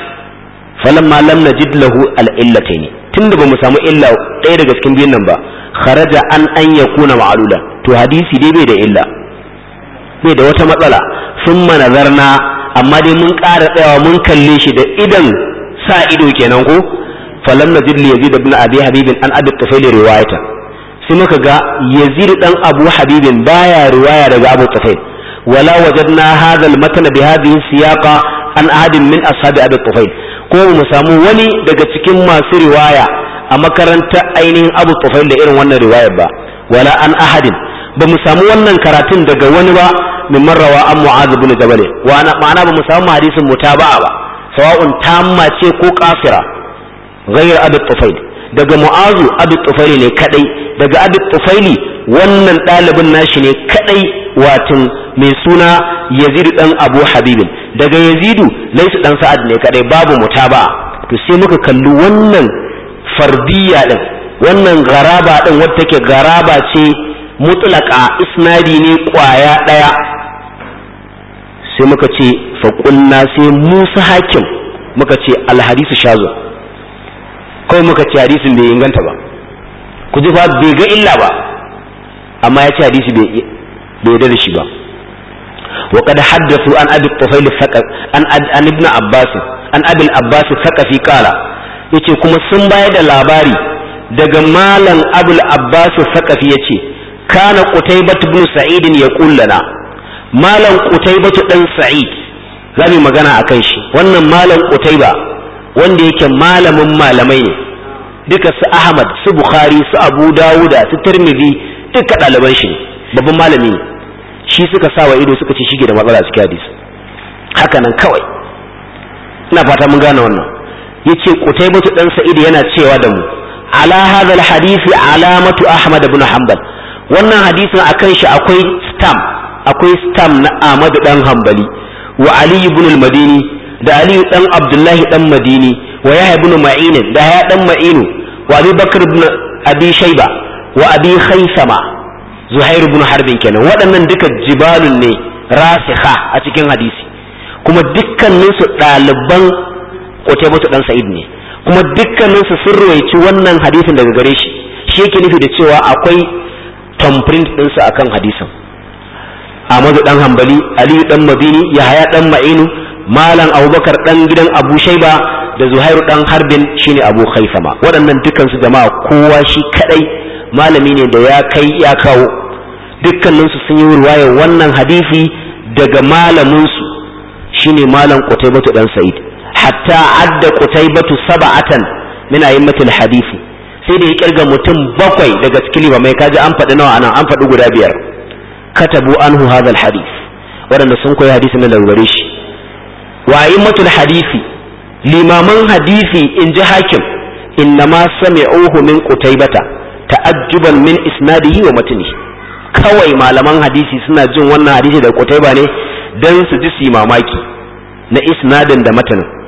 A: falamma lam najid lahu al-illatayn tunda mu samu illa ɗaya daga cikin biyun nan ba kharaja an an kuna ma'lula to hadisi dai bai da illa bai da wata matsala mana zarna amma dai mun ƙara tsayawa mun kalle shi da idan sa ido kenan ko falam najid li yazid bin abi habibin an abi tafaili riwayata sai muka ga yazid dan abu habibin baya riwaya daga abu tafail wala wajadna hadha al-matn bi hadhihi siyaqa an ahadin min ashabi abi tafail ko mu samu wani daga cikin masu riwaya a makarantar ainihin abu tufail da irin wannan riwayar ba wala an ahadin ba mu samu wannan karatun daga wani ba min marrawa an mu'azu bin jabal wa ma'ana ba mu samu hadisin mutaba'a ba sawa'un tamma ce ko kafira ghayr abu daga mu'azu abu tufaili ne kadai daga abu ne wannan ɗalibin nashi ne kadai watan mai suna yazid dan abu habibin daga yazidu laisu dan sa'ad ne kadai babu mutaba'a to sai muka kalli wannan fardiyya din wannan garaba din wadda take garaba ce mutlaka isnadi ne kwaya daya sai muka ce faƙunna sai musa hakim muka ce alhadisu shazo kawai muka ce hadisin bai inganta ba ku ji fa bai ga illa ba amma ya ce hadisi bai yarda da shi ba وقد حدثوا عن ابي الطفيل عن عن ابن عباس عن ابي العباس الثقفي قال yace kuma sun bayar da labari daga malam abul abbas sakafi yace kana qutaybat ibn sa'id ya kullana malam qutaybat dan sa'id zamu magana akan shi wannan malam qutayba wanda yake malamin malamai ne duka su ahmad su bukhari su abu dawuda su tirmidhi duka ɗaliban shi babban malami ne shi suka sa wa ido suka ci shige da matsala cikin hadisi haka nan kawai ina fata mun gane wannan yace qutaybatu dan sa'id yana cewa da mu ala hadha alhadith alamatu ahmad ibn hanbal wannan hadisin akan shi akwai stamp akwai stamp na ahmad dan hanbali wa ali ibn madini da ali dan abdullahi dan madini wa yahya ibn ma'in da yahya dan ma'inu wa abi bakr ibn abi shayba wa abi khaisama zuhair ibn harbin kenan waɗannan duka jibalun ne rasikha a cikin hadisi kuma dukkaninsu ɗaliban mutu dan sa'id ne kuma dukkanin su sun ruwaici wannan hadisin daga gare shi shi yake nufi da cewa akwai tamprint din su akan hadisin Ahmadu dan Hanbali Aliyu dan Madini Yahaya dan Ma'inu Malam Abubakar dan gidan Abu Shaiba da Zuhairu dan Harbin shine Abu Khaifama waɗannan dukkan su jama'a kowa shi kadai malami ne da ya kai ya kawo dukkanin su sun yi ruwaya wannan hadisi daga malamin su shine malam Qutaybah dan Sa'id hatta adda qutaybatu muna yin a'immatil hadisi sai da ya kirga mutum bakwai daga cikin limamai kaji an faɗi nawa anan an faɗi guda biyar katabu anhu hadal alhadith waɗanda sun koyi hadisi na daga shi wa a'immatul hadisi limaman hadisi in ji hakim innama sami'uhu min kutaibata ta'ajjuban min isnadihi wa matnihi kawai malaman hadisi suna jin wannan hadisi da kutaiba ne don su ji su mamaki na isnadin da matanin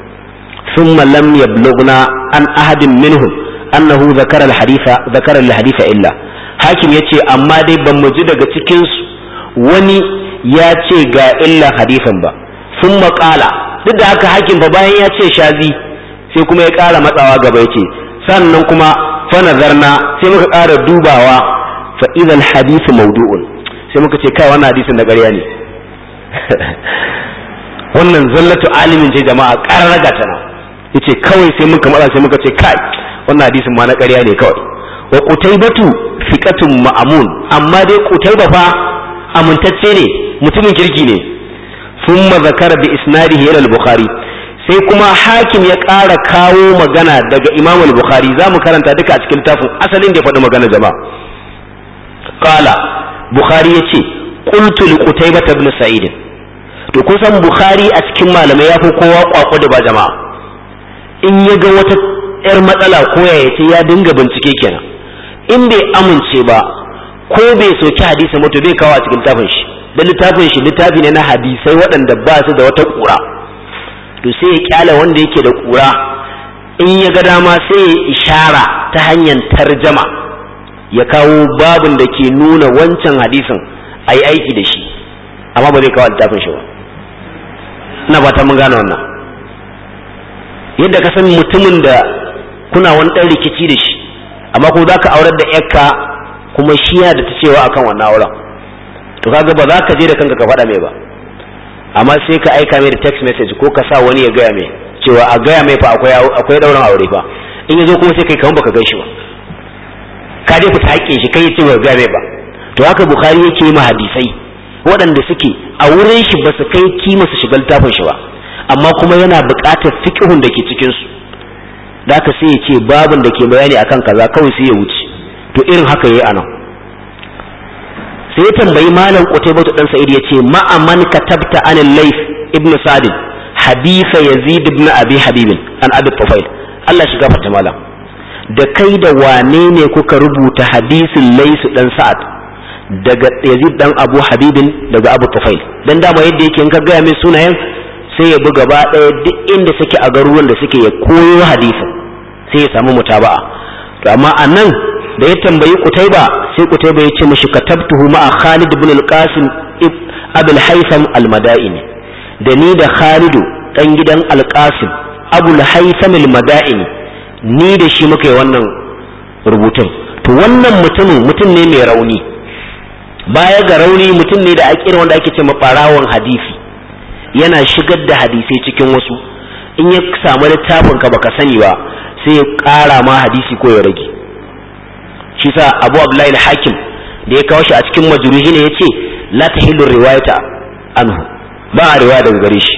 A: ثم لم يبلغنا عن أحد منهم أنه ذكر الحديث ذكر الحديث إلا حاكم يتي أما دي بمجد تكنس وني yace غا إلا حديثا با ثم قال duk da haka hakim ba bayan ya ce shazi sai kuma ya ƙara matsawa gaba yake sannan kuma fa nazarna sai muka ƙara dubawa fa idan hadithu mawdu'un sai muka ce kai wannan hadisin da ƙarya ne wannan zallatu alimin ce jama'a ƙarar ta na yace kawai sai muka matsa sai muka ce kai wannan hadisin ma na ƙarya ne kawai wa qutaybatu fiqatun ma'amun amma dai qutayba fa amintacce ne mutumin kirki ne thumma zakara bi isnadihi ila al-bukhari sai kuma hakim ya ƙara kawo magana daga imam al-bukhari za mu karanta duka a cikin tafin asalin da ya faɗi magana jama'a qala bukhari yace qultu li qutaybata ibn sa'id to kusan san bukhari a cikin malamai ya fi kowa kwakwa da ba jama'a in ya ga wata yar matsala ko ya ce ya dinga bincike kenan in bai amince ba ko bai soki hadisi mutu bai kawo a cikin littafin shi da littafin shi littafi ne na hadisai waɗanda ba su da wata ƙura to sai ya kyala wanda yake da ƙura in ya ga dama sai ya ishara ta hanyar tarjama ya kawo babin da ke nuna wancan hadisin a yi aiki da shi amma ba zai kawo littafin shi ba na ba ta mun gane wannan yadda ka san mutumin da kuna wani dan rikici da shi amma kuma za ka aurar da yakka kuma shi yana da ta cewa akan wannan auren to kaga ba za ka je da kanka ka faɗa mai ba amma sai ka aika mai da text message ko ka sa wani ya gaya mai cewa a gaya mai fa akwai akwai aure fa in ya zo kuma sai kai kamar baka gan shi ba ka dai fita haƙƙin shi kai ya ce ba gaya mai ba to haka bukhari yake yi ma hadisai waɗanda suke a wurin shi ba su kai kima su shiga littafin shi ba amma kuma yana buƙatar fiƙihun da ke cikin su da ka sai ya ce babin da ke bayani akan kaza kawai sai ya wuce to irin haka yayi anan sai ya tambayi malam qutaybatu dan sa'id ya ce ma amman katabta an al-layth ibn sa'd haditha yazid ibn abi habib an abi tufail Allah shi fata malam da kai da wane ne kuka rubuta hadisin laisu dan sa'ad daga yazid dan abu habibin daga abu tufail dan dama yadda yake in ka gaya min sunayen sai ya buga gaba ɗaya duk inda suke a garuruwan da suke ya koyo hadisin sai ya samu mutaba'a to amma a nan da ya tambayi kutaiba sai kutaiba ya ce mashi katabtuhu ma'a khalid ibn al-qasim abul haytham al-mada'ini da ni da khalidu dan gidan al-qasim abul haytham al-mada'ini ni da shi muka yi wannan rubutun to wannan mutumin mutum ne mai rauni baya ga rauni mutum ne da akira wanda ake ce ma barawon hadisi yana shigar da hadisai cikin wasu in ya samu littafin ka baka sani ba sai ya ƙara ma hadisi ko ya rage shi sa abu abdullahi hakim da ya kawo shi a cikin majruhi ne yace la tahillu riwayata anhu ba a riwaya daga gare shi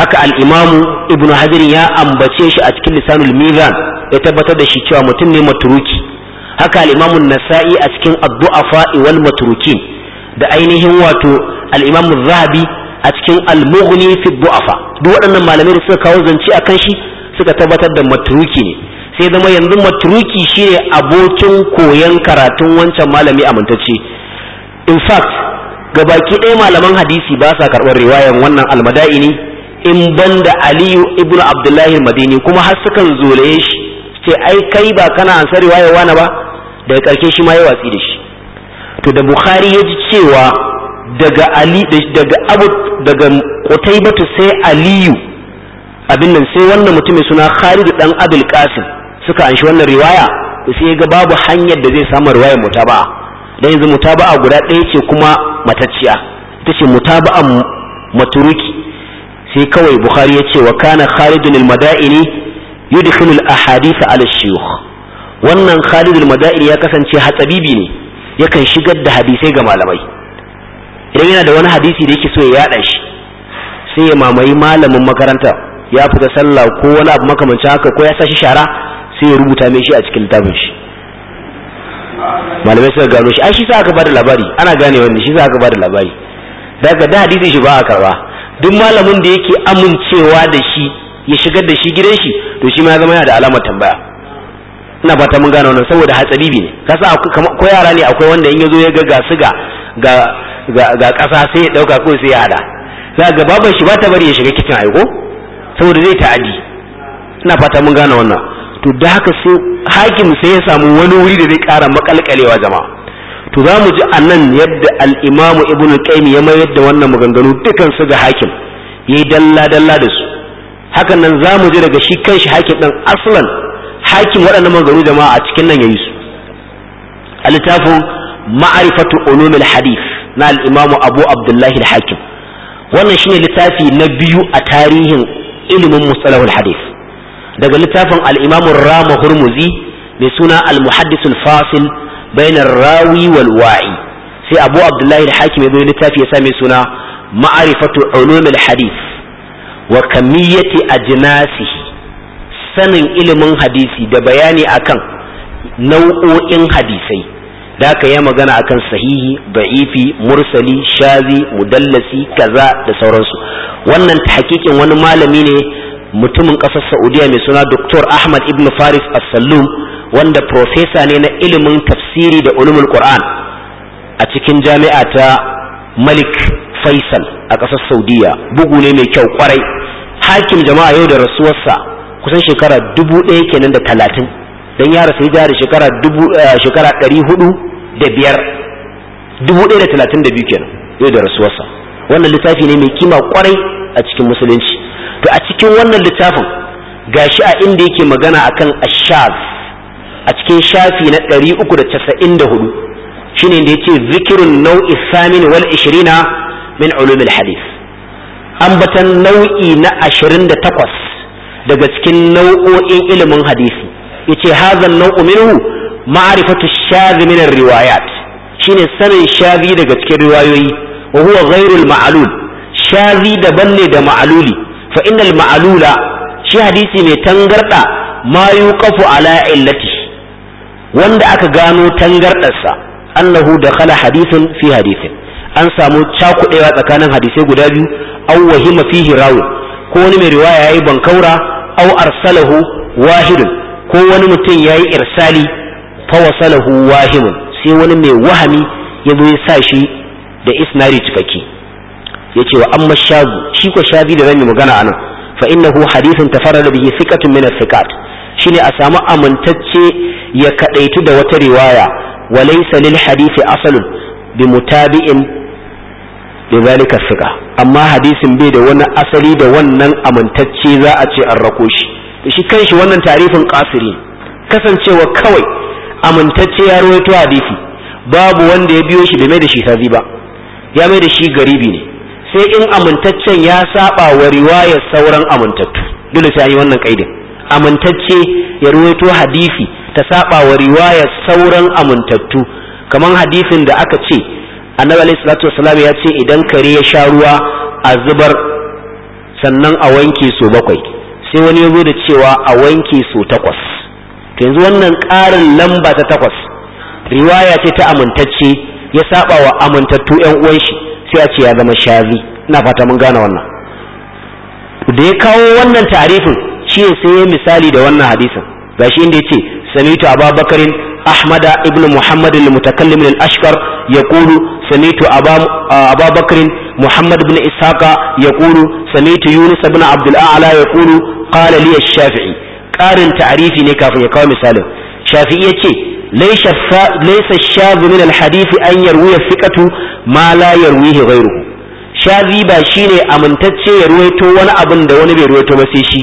A: haka al-imamu ibnu hajar ya ambace shi a cikin lisanul mizan ya tabbatar da shi cewa mutum ne maturuki haka al an nasa'i a cikin ad-du'afa wal matrukin da ainihin wato al az zahabi a cikin al-mughni fi du'afa duk waɗannan malamai da suka kawo zance akan shi suka tabbatar da matruki ne sai zama yanzu matruki shine abokin koyon karatun wancan malami amintacce in fact baki ɗaya malaman hadisi ba sa karɓar riwayan wannan almada'ini in banda aliyu ibn abdullahi madini kuma har sukan zolaye shi ce ai kai ba kana ansar riwaya wani ba daga ƙarshe shi ma ya watsi da shi to da bukhari ya ji cewa daga ali daga abu daga qutaybatu sai aliyu abin nan sai wannan mutum mai suna Khalid dan Abul Qasim suka anshi wannan riwaya sai ga babu hanyar da zai samu riwayar mutaba'a dan yanzu mutaba'a guda ɗaya ce kuma matacciya ita ce mutaba'an maturuki sai kawai Bukhari ya ce wa kana Khalidun al-Madaini yudkhilu al ala shuyukh wannan Khalidun al-Madaini ya kasance hatsabibi ne yakan shigar da hadisai ga malamai idan yana da wani hadisi da yake so ya yada shi sai ya mamayi malamin makaranta ya fita sallah ko wani abu makamancin haka ko ya sashi shara sai ya rubuta mai shi a cikin littafin shi malamai suka gano shi ai shi sa aka bada labari ana gane wanda shi sa aka bada labari daga da hadisin shi ba a karba duk malamin da yake amincewa da shi ya shigar da shi gidan shi to shi ma ya zama yana da alamar tambaya ina fata mun gane wannan saboda hatsari ne kasa ko yara ne akwai wanda in ya zo ya ga ga siga ga ga ƙasa sai ya ɗauka ko sai ya haɗa za ga baban shi ba ta bari ya shiga kicin aiko saboda zai ta'adi ina fata mun gane wannan to da haka sai hakim sai ya samu wani wuri da zai ƙara makalkalewa jama'a to za mu ji anan yadda al'imamu imam ibn qayyim ya mayar da wannan maganganu dukan su ga hakim yayi dalla dalla da su hakan nan za mu ji daga shi kanshi hakim din aslan hakim waɗannan maganganu jama'a a cikin nan yayi su a littafin ma'rifatu ulumil hadith na al'imamu abu abdullahi da hakim wannan shine littafi na biyu a tarihin ilimin mustalahul hadith daga littafin alimamun rama hurmuzi mai suna al-muhaddisul fasil bainar rawi wal wa'i sai abu abdullahi da hakim ya bai littafi ya suna ma'arifatu ulumul hadith wa kamiyati ajnasihi sanin ilimin hadisi da bayani akan nau'o'in hadisai da ka yi magana akan sahihi ba'ifi mursali shazi mudallasi kaza da sauransu wannan ta hakikin wani malami ne mutumin ƙasar saudiya mai suna dr ahmad ibn faris as-sallum wanda profesa ne na ilimin tafsiri da ulumul qur'an a cikin jami'a ta malik faisal a ƙasar saudiya bugu ne mai kyau kwarai hakim jama'a yau da rasuwarsa kusan shekara dubu ɗaya kenan da talatin dan ya rasu da shekara dubu eh, shekara ɗari hudu da biyar dubu ɗaya da talatin da biyu kenan yau da rasuwarsa wannan littafi ne mai kima kwarai a cikin musulunci to a cikin wannan littafin gashi a inda yake magana akan ashaz a cikin shafi na ɗari uku da casa'in da hudu shine da yace zikirun nau'i samin wal ishirina min ulumil An ambatan nau'i na ashirin da takwas daga cikin nau'o'in ilimin hadisi yace hazan nau'u minhu ma'rifatu ash-shadh min ar-riwayat shine sanin shadhi daga cikin riwayoyi wa huwa ghayru al-ma'lul shadhi daban ne da ma'luli fa innal ma'lula shi hadisi mai tangarda ma yuqafu ala illati wanda aka gano tangardarsa annahu dakhala hadithun fi hadithin an samu cakudewa tsakanin hadisai guda biyu aw wahima fihi rawi ko wani mai riwaya yayi bankaura aw arsalahu wahidun ko wani mutum ya yi irsali fawasalahu wahimun sai wani mai wahami ya zo ya sa shi da isnari cikakki ya ce wa amma shagu shi ko shazi da zanyi yi magana anan fa innahu fara da bihi thiqatun min thiqat shine a samu amintacce ya kaɗaitu da wata riwaya wa laysa lil hadithi asalun bi mutabi'in lidhalika thiqa amma hadisin bai da wani asali da wannan amintacce za a ce an rako shi da shi kanshi wannan tarifin kasiri kasancewa kawai amintacce ya rawaito hadisi babu wanda ya biyo shi da mai da shi sazi ba ya mai da shi garibi ne sai in amintaccen ya saba wa riwayar sauran amintattu dole sai an yi wannan kaidin amintacce ya rawaito hadisi ta saba wa riwayar sauran amintattu kamar hadisin da aka ce annabi alaihi salatu ya ce idan kare ya sha ruwa a zubar sannan a wanke so bakwai sai wani ya zo da cewa a wanke su takwas to yanzu wannan ƙarin lamba ta takwas riwaya ce ta amintacce ya saba wa amintattu ƴan uwan shi sai a ce ya zama shazi ina fata mun gane wannan da ya kawo wannan tarifin shi sai ya misali da wannan hadisin gashi inda yace sanitu ababakarin ahmada Ibn muhammad al-mutakallim al-ashkar yaqulu samitu ababakarin محمد بن إسحاق يقول سمعت يونس بن عبد ya kuru qala li shafii ƙarin ta'rifi ne kafin ya kawo misalin shafi'i yace laysa laysa ash-shadhu min al-hadith an yarwiya thiqatu ma la yarwihi ghayruhu shadhi ba shine amintacce ya ruwaito wani abin da wani bai ruwaito ba sai shi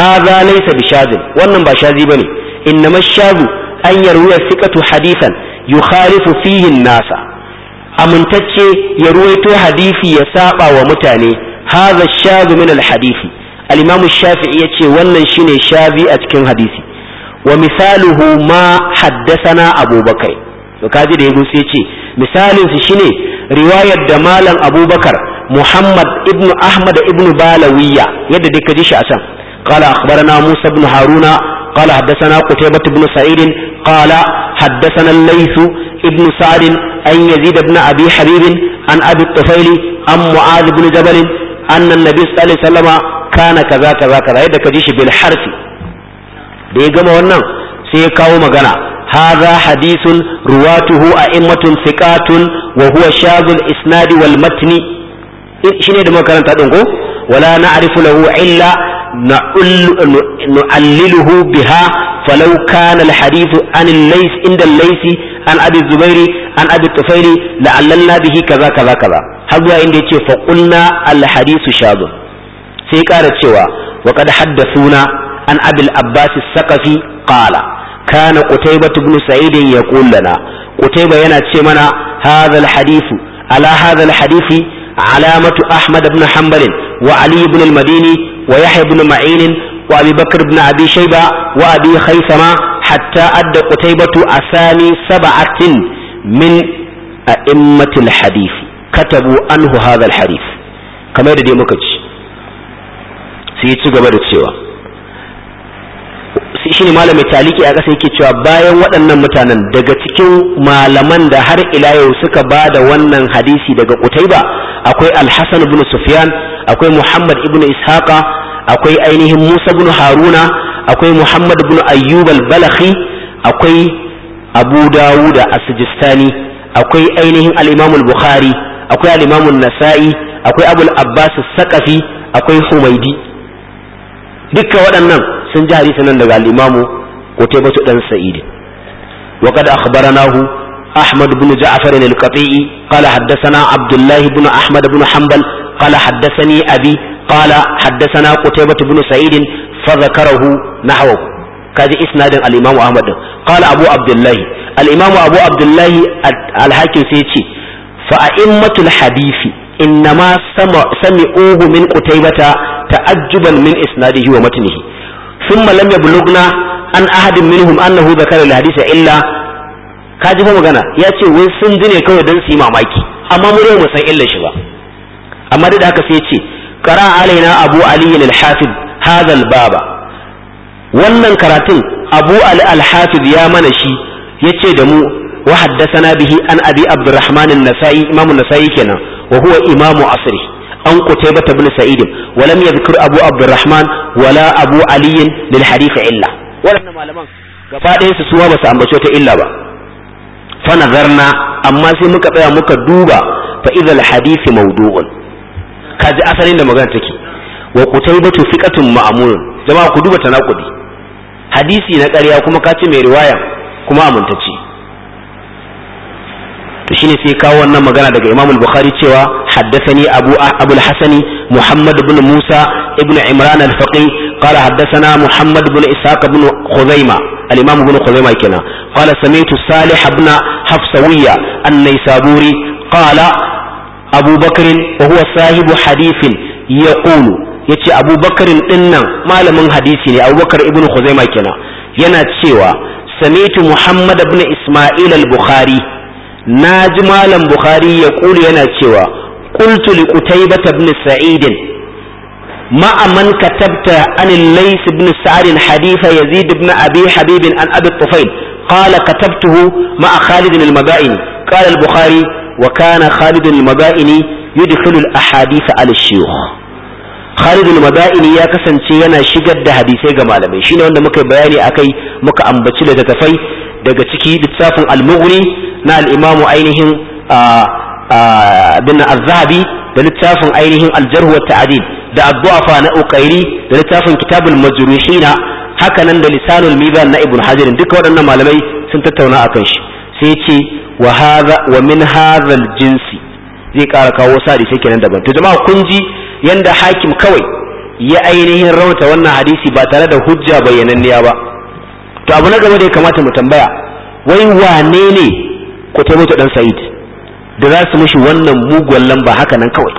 A: hadha laysa bi shadhi wannan ba shadhi bane innama ash-shadhu an yarwiya thiqatu hadithan yukhalifu fihi an-nasa amintacce ya ruwaito hadisi ya saɓa wa mutane hadha ash-shadhu min al al-imam shafi'i yace wannan shine shafi a cikin hadisi wa misaluhu ma haddathana abubakar to kaji da yabo sai yace misalin shine riwayar da malam abubakar muhammad ibn ahmad ibn balawiya yadda dai ji shi a can قال أخبرنا موسى بن هارون قال حدثنا قتيبة بن سعيد قال حدثنا الليث ابن سعد أن يزيد بن أبي حبيب عن أبي الطفيل عن معاذ بن جبل أن النبي صلى الله عليه وسلم kana kaza kaza kaza yadda ka ji shi bil harfi da ya gama wannan sai ya kawo magana hadha hadithun ruwatuhu a'immatun thiqatun wa huwa shadhul isnadi wal matni shine da makaranta din ko wala na'rifu lahu illa nu'alliluhu biha falau kana al hadithu an al-lays inda al-laysi an abi zubairi an abi tufaili la'allanna bihi kaza kaza kaza har zuwa inda yace fa qulna al hadithu sai ƙara cewa wa qad haddathuna an abil abbas sakafi qala kana qutaybah ibn sa'id yaqul lana qutayba yana ce mana hadha al hadithu ala hadha hadithi alamatu ahmad ibn hanbal wa ali ibn al madini wa yahya ibn ma'in wa abi bakr ibn abi shayba wa abi khaysama hatta adda qutaybah asani sab'atin min a'immatil hadith katabu anhu hadha al hadith kamar da dai muka ci sai ci gaba da cewa shi ne malamin taliki a ƙasa yake cewa bayan waɗannan mutanen daga cikin malaman da har ila yau suka ba da wannan hadisi daga kutaiba akwai alhassan ibn sufyan akwai muhammad ibn ishaqa akwai ainihin musa ibn haruna akwai muhammad ibn ayyub al akwai abu dawud as-sijistani akwai ainihin al-imam bukhari akwai al nasai akwai abul abbas as akwai humaydi dukka waɗannan sun ji hadisi nan daga al-imamu qutaybatu dan sa'id wa qad akhbaranahu أحمد بن جعفر القطيعي قال حدثنا عبد الله بن أحمد بن حنبل قال حدثني أبي قال حدثنا قتيبة بن سعيد فذكره نحوه كذا إسناد الإمام أحمد قال أبو عبد الله الإمام أبو عبد الله الحاكم سيتي فأئمة الحديث innama sami'uhu min qutaybata ta'ajjuban min isnadihi wa matnihi thumma lam yablughna an ahadin minhum annahu dhakara al-hadisa illa kaji fa magana yace wai sun ji kawai dan su yi mamaki amma mu dai san illa shi ba amma duk da haka sai ce qara alaina abu ali al-hafiz hadha al wannan karatun abu ali al-hafiz ya mana shi yace da mu wa haddathana bihi an abi abdurrahman an-nasai imam kenan Wahuwa huwa imamu asri an kutaiba ibn sa'id wa lam yadhkur abu abdurrahman wala abu ali lil hadith illa wannan malaman gaba su suwa basu ambace ta illa ba fa nazarna amma sai muka tsaya muka duba fa idhal hadith mawdu'un kaji asalin da magana take wa kutaibatu fiqatun ma'mun jama'a ku duba tanakudi hadisi na ƙarya kuma kace mai riwaya kuma amintacce shine sai kawo wannan magana daga Imam al-Bukhari cewa haddathani Abu Abu al-Hasani Muhammad ibn Musa ibn Imran al-Faqih قال حدثنا محمد بن إسحاق بن خزيمة الإمام بن خزيمة كنا قال سمعت صالح بن حفصوية النيسابوري قال أبو بكر وهو صاحب حديث يقول يتي أبو بكر إن ما لم حديثي أبو بكر ابن خزيمة كنا ينا تشيوا سمعت محمد بن إسماعيل البخاري na ji malam bukhari ya kulu yana cewa qultu li qutaybah ibn sa'id ma man katabta an lays ibn sa'd haditha yazid ibn abi habib an abi tufail qala katabtuhu ma khalid al-mabaini qala al-bukhari wa kana khalid al-mabaini yudkhilu al-ahadith ala shuyukh Khalid al ya kasance yana shigar da hadisai ga malamai shine wanda muka bayani a kai muka ambaci da tafai daga ciki littafin al-Mughni na al'imamu ainihin bin azhabi da littafin ainihin aljarhu wata ta'adil da addu'afa na ukairi da littafin kitabul majruhina haka nan da lisanul mizan na ibn hajar duka waɗannan malamai sun tattauna kan shi sai ce wa min hadha jinsi zai ƙara kawo sadi sai kenan daban to jama'a kun ji yanda hakim kawai ya ainihin raunta wannan hadisi ba tare da hujja bayyananniya ba to abu na gaba da ya kamata mu tambaya wai wane ne ko taimaka dan sa'id da za su mishi wannan mugun lamba haka nan kawai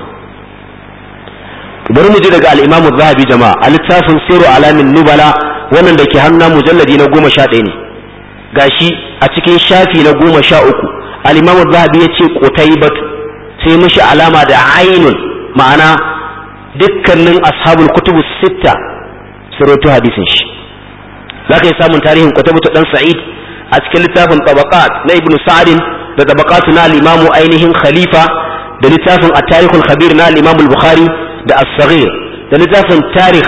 A: bari mu ji daga al-imamu zahabi jama'a a littafin siru alamin nubala wannan da ke hanna mujalladi na goma sha ɗaya ne gashi a cikin shafi na goma sha uku al zahabi ya ce kotai batu sai mishi alama da ainun ma'ana dukkanin ashabul kutubu sitta surutu hadisin shi za ka yi samun tarihin kutubu ta dan sa'id a cikin littafin tabaqat na ibnu sa'd da tabaqat na al-imamu ainihin khalifa da littafin at-tarikh al-khabir na al imamu al-bukhari da as-saghir da littafin tarikh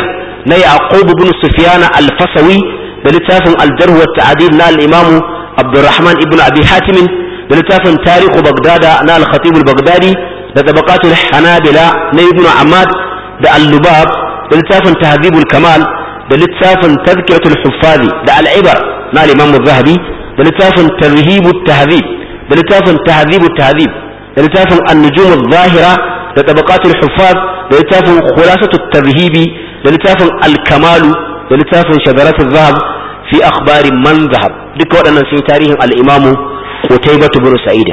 A: na yaqub ibn sufyan al-fasawi da littafin al-jarh wa tadil na al imamu abdurrahman ibn abi hatim da littafin tarikh bagdada na al-khatib al da tabaqat al-hanabila na ibn amad da al-lubab da littafin tahzib al-kamal da littafin tazkiyatul huffazi da al'ibar na al-imam zahabi da littafin tarhibu tahzib da littafin tahzibu tahzib da littafin an zahira da tabaqatul huffaz da littafin khulasatu tarhibi da littafin al-kamalu da littafin shajaratul zahab fi akhbari man zahab duka waɗannan yi tarihin al'imamu imamu qutaybah ibn sa'id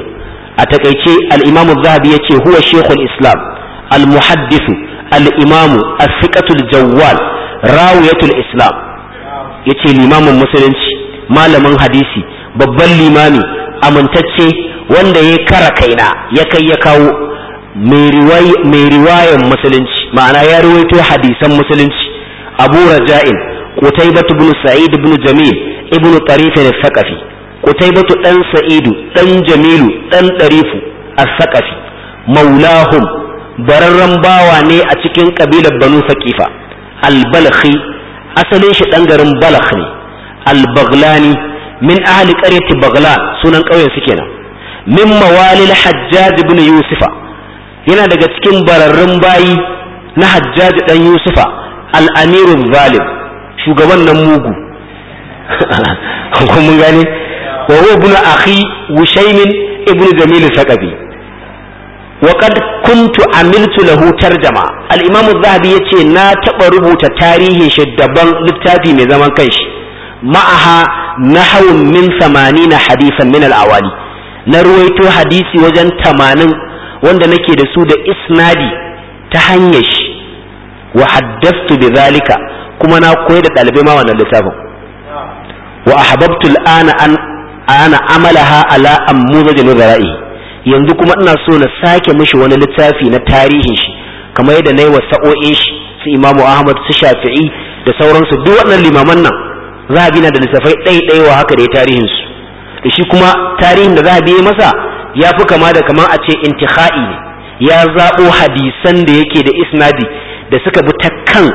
A: a takaice al-imamu zahabi yace huwa shaykhul islam al-muhaddith al-imamu as-siqatul jawwal rawiyatul islam yace limamin musulunci malamin hadisi babban limami amintacce wanda ya kara kaina ya kai ya kawo mai riwayan musulunci ma'ana ya ruwaito hadisan musulunci abu raja'in qutaybatu ibn sa'id ibn jamil ibn tarif al-thaqafi qutaybatu dan sa'idu dan jamilu dan tarifu al-thaqafi maulahum bararran bawa ne a cikin kabilar banu faqifa al-balkhi asalin shi dan garin balakh ne al min ahli qaryati baghlan sunan ƙauyen su kenan min mawalil hajjaj ibn yusufa yana daga cikin bararrun bayi na hajjaj dan yusufa al-amirul zalim shugaban nan mugu kun mun gane wa huwa ibn akhi wushaymin ibn jamil وقد كنت عملت له ترجمة الإمام الذهبي يتي نا تقرب تاريخ شدبان للتافي من زمان كيش معها نحو من ثمانين حديثا من الأوالي نرويت حديثي وجن ثمانين wanda nake da su da isnadi ta hanyar shi wa haddaftu bi zalika kuma na koyar da ɗalibai ma wannan wa ahbabtu al'ana ala amuzajin zara'i yanzu kuma ina so na sake mishi wani littafi na tarihin shi kamar yadda na yi wa sa'o'in shi su imamu ahmad su shafi'i da sauransu duk waɗannan limaman nan bi na da littafai ɗaiɗaiwa haka da ya tarihin su da shi kuma tarihin da za a ya masa ya fi kama da kamar a ce intihai ne ya zaɓo hadisan da yake da isnadi da suka bi ta kan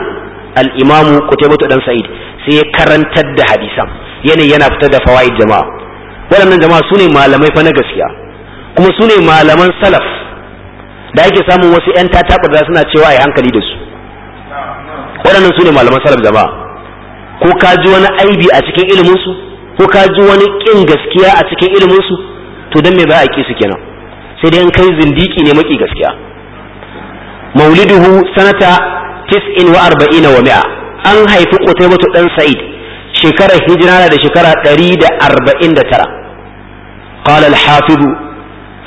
A: al'imamu kutaibatu dan sa'id sai ya karantar da hadisan yanayi yana fitar da fawaid jama'a waɗannan jama'a su ne malamai fa na gaskiya kuma su ne malaman salaf da ake samun wasu 'yan da suna cewa ya hankali da su waɗannan su ne malaman salaf jama'a ko ka ji wani aibi a cikin iliminsu ko ka ji wani ƙin gaskiya a cikin iliminsu to don me ba a ƙi su kenan sai dai in kai zindiki ne maki gaskiya mauliduhu sanata tis'in wa arba'ina wa mi'a an haifi qutaybatu dan sa'id shekarar hijira da shekara ɗari tara qala al-hafidu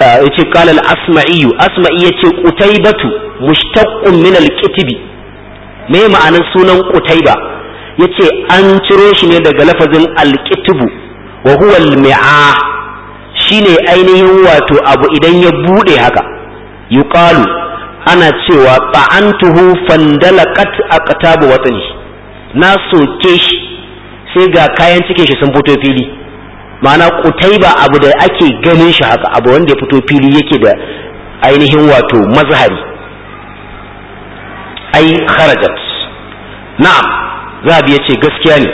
A: yace qala al-asma'i asma'i yace qutaybatu mushtaqqun min al-kitbi me ma'anar sunan qutayba yace an ciro shi ne daga lafazin al-kitbu wa huwa al-mi'a shine ainihin wato abu idan ya bude haka yuqalu ana cewa ta'antuhu fandalaqat aqtabu watani na soke shi sai ga kayan cikin shi sun fito fili ma'ana ba abu da ake ganin shi haka abu wanda ya fito fili yake da ainihin wato mazhari ai kharajat na'am zabi yace gaskiya ne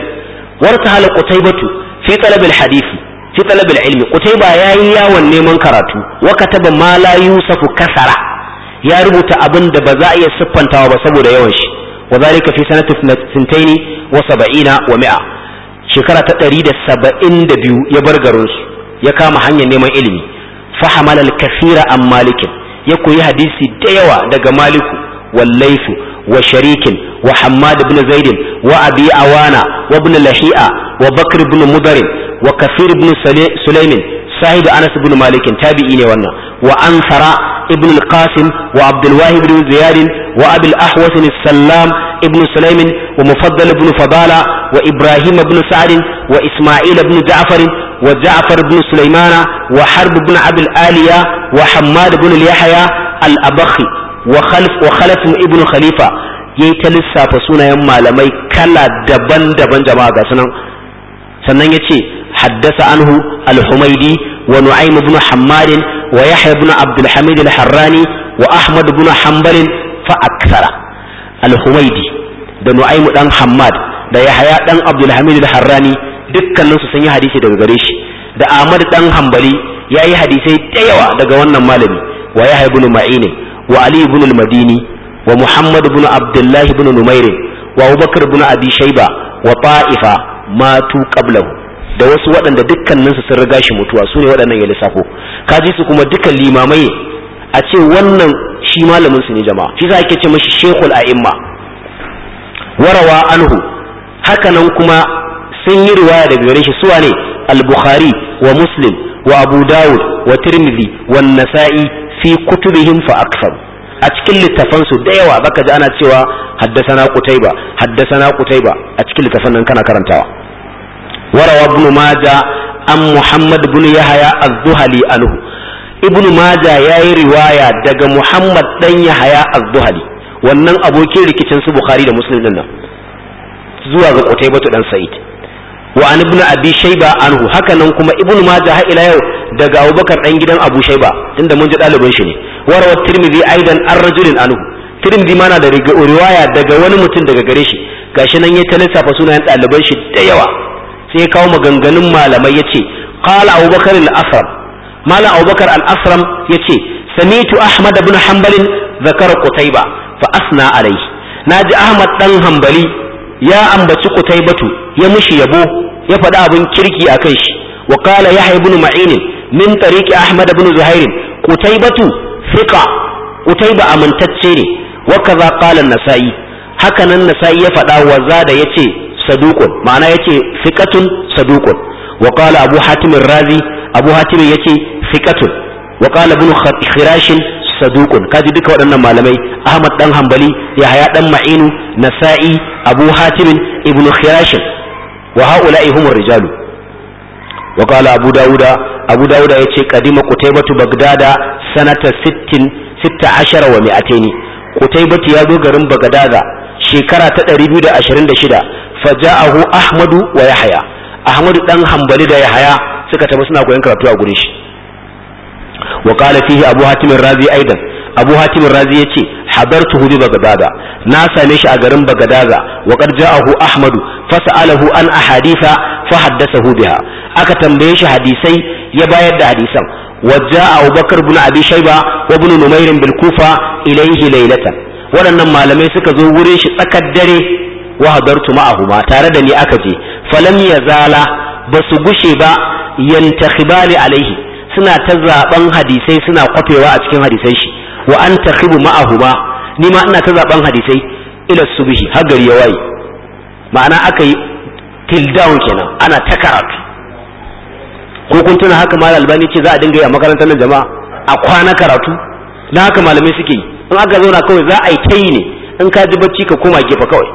A: warta hala qutaybatu fi talab al-hadith fi talab al-ilm ya yayi yawon neman karatu wa kataba ma la yusafu kasara ya rubuta abin da ba za a iya siffantawa ba saboda yawan shi wa zalika fi sanati 72 wa 70 wa mi'a. shekara ta ɗari da saba'in da biyu ya bar garinsu ya kama hanyar neman ilimi fahamal alkafira an malikin ya koyi hadisi da yawa daga maliku wa laifu wa sharikin wa hamad ibn zaidin wa abi awana wa ibn lahi'a wa bakr ibn mudarin wa kafir ibn sulaimin sahibi Anas ibn Malik tabi'i ne wannan wa Ansara ibn al-Qasim wa Abdul Wahib ibn Ziyad wa Abi al-Ahwas sallam ibn Sulaym wa Mufaddal ibn Fadala wa Ibrahim ibn Sa'd wa Isma'il ibn Ja'far wa Ja'far ibn Sulaymana wa Harb ibn Abi al-Aliya wa Hammad ibn Yahya al-Abakhi wa Khalf wa ibn Khalifa yayi ta lissafa sunayen malamai kala daban-daban jama'a ga sunan sannan yace haddasa anhu al-humaydi wa nu'aym ibn hammad wa yahya ibn abd al-hamid wa ahmad ibn fa da nu'aym dan hammad da yahya dan abdul al-hamid al-harrani dukkanin su sun yi hadisi daga gare shi da ahmad dan hambali ya yi hadisai da yawa daga wannan malami wa yahya ibn ma'in wa ali ibn al-madini wa muhammad ibn abdullah ibn numair wa abubakar ibn abi shayba wa ta'ifa matu qablahu da wasu waɗanda dukkaninsu sun riga shi mutuwa su ne waɗannan ya lissafo ka ji su kuma duka limamai a ce wannan shi malamin su ne jama'a shi za ake ce mashi shekul a'imma warawa anhu hakanan kuma sun yi riwaya daga gare shi suwa ne al-bukhari wa muslim wa abu dawud wa tirmidhi wa nasa'i fi kutubihim fa akthar a cikin littafan su da yawa baka ji ana cewa haddasa na haddasana qutayba a cikin littafan nan kana karantawa وروى ابن ماجه عن محمد بن يحيى الذهلي عنه ابن ماجه ياي روايه دغ محمد بن يحيى الذهلي wannan abokin rikicin su Bukhari da Muslim din nan zuwa ga Qutaybatu dan Sa'id wa an ibn Abi Shayba anhu nan kuma ibn Majah har ila yau daga Abubakar dan gidan Abu Shayba tunda mun ji ɗaliban shi ne warawat Tirmidhi aidan an rajulin anhu Tirmidhi mana da riwaya daga wani mutum daga gare shi gashi nan ya ta lissafa sunayen ɗaliban shi da yawa sai ya kawo maganganun malamai ya yace qala abubakar al-asram malam abubakar al-asram yace samitu ahmad ibn hanbal zakar qutayba fa asna alayhi naji ahmad dan Hambali ya ambaci qutaybatu ya mushi yabo ya faɗi abin kirki a kai shi wa qala yahya ibn ma'in min tariqi ahmad ibn zuhair qutaybatu thiqa qutayba amintacce ne wa kaza qala an-nasa'i hakanan nasa'i ya faɗa wa zada ce. saduqun ma'ana yake fiqatun saduqun wa qala abu hatim razi abu hatim yake fiqatun wa qala ibn khirash saduqun kaji duka waɗannan malamai ahmad dan hanbali haya dan ma'inu nasa'i abu hatim ibn khirash wa haula'i humur rijalu wa qala abu dauda abu dauda yace qadima qutaybatu bagdada sanata 60 16 wa 200 qutaybatu ya zo garin bagdada shekara ta 226 faja'ahu ahmadu wa yahya ahmadu dan hanbali da yahya suka tafi suna koyon karatu a gurin shi wa qala fihi abu hatim razi aidan abu hatim razi yace habartu bi bagdada na same shi a garin bagdada wa qad ja'ahu ahmadu fas'alahu an ahaditha fa haddathahu biha aka tambaye shi hadisai ya bayar da hadisan وجاء أبو بكر بن أبي شيبة وابن نمير بالكوفة إليه ليلة waɗannan malamai suka zo wurin shi tsakar dare wa hadartu ma'ahuma tare da ni aka je falam yazala basu gushe ba yantakhibali alaihi suna ta zaben hadisai suna kwafewa a cikin hadisai shi wa an takhibu ma'ahuma ni ma ina ta zaben hadisai ila subhi har gari ya waye ma'ana aka yi till down kenan ana ta karatu ko kun tuna haka malam albani ce za a dinga yi a makarantar nan jama'a a kwana karatu da haka malamai suke yi in aka zauna kawai za a yi ta yi ne in ka ji bacci ka koma gefe kawai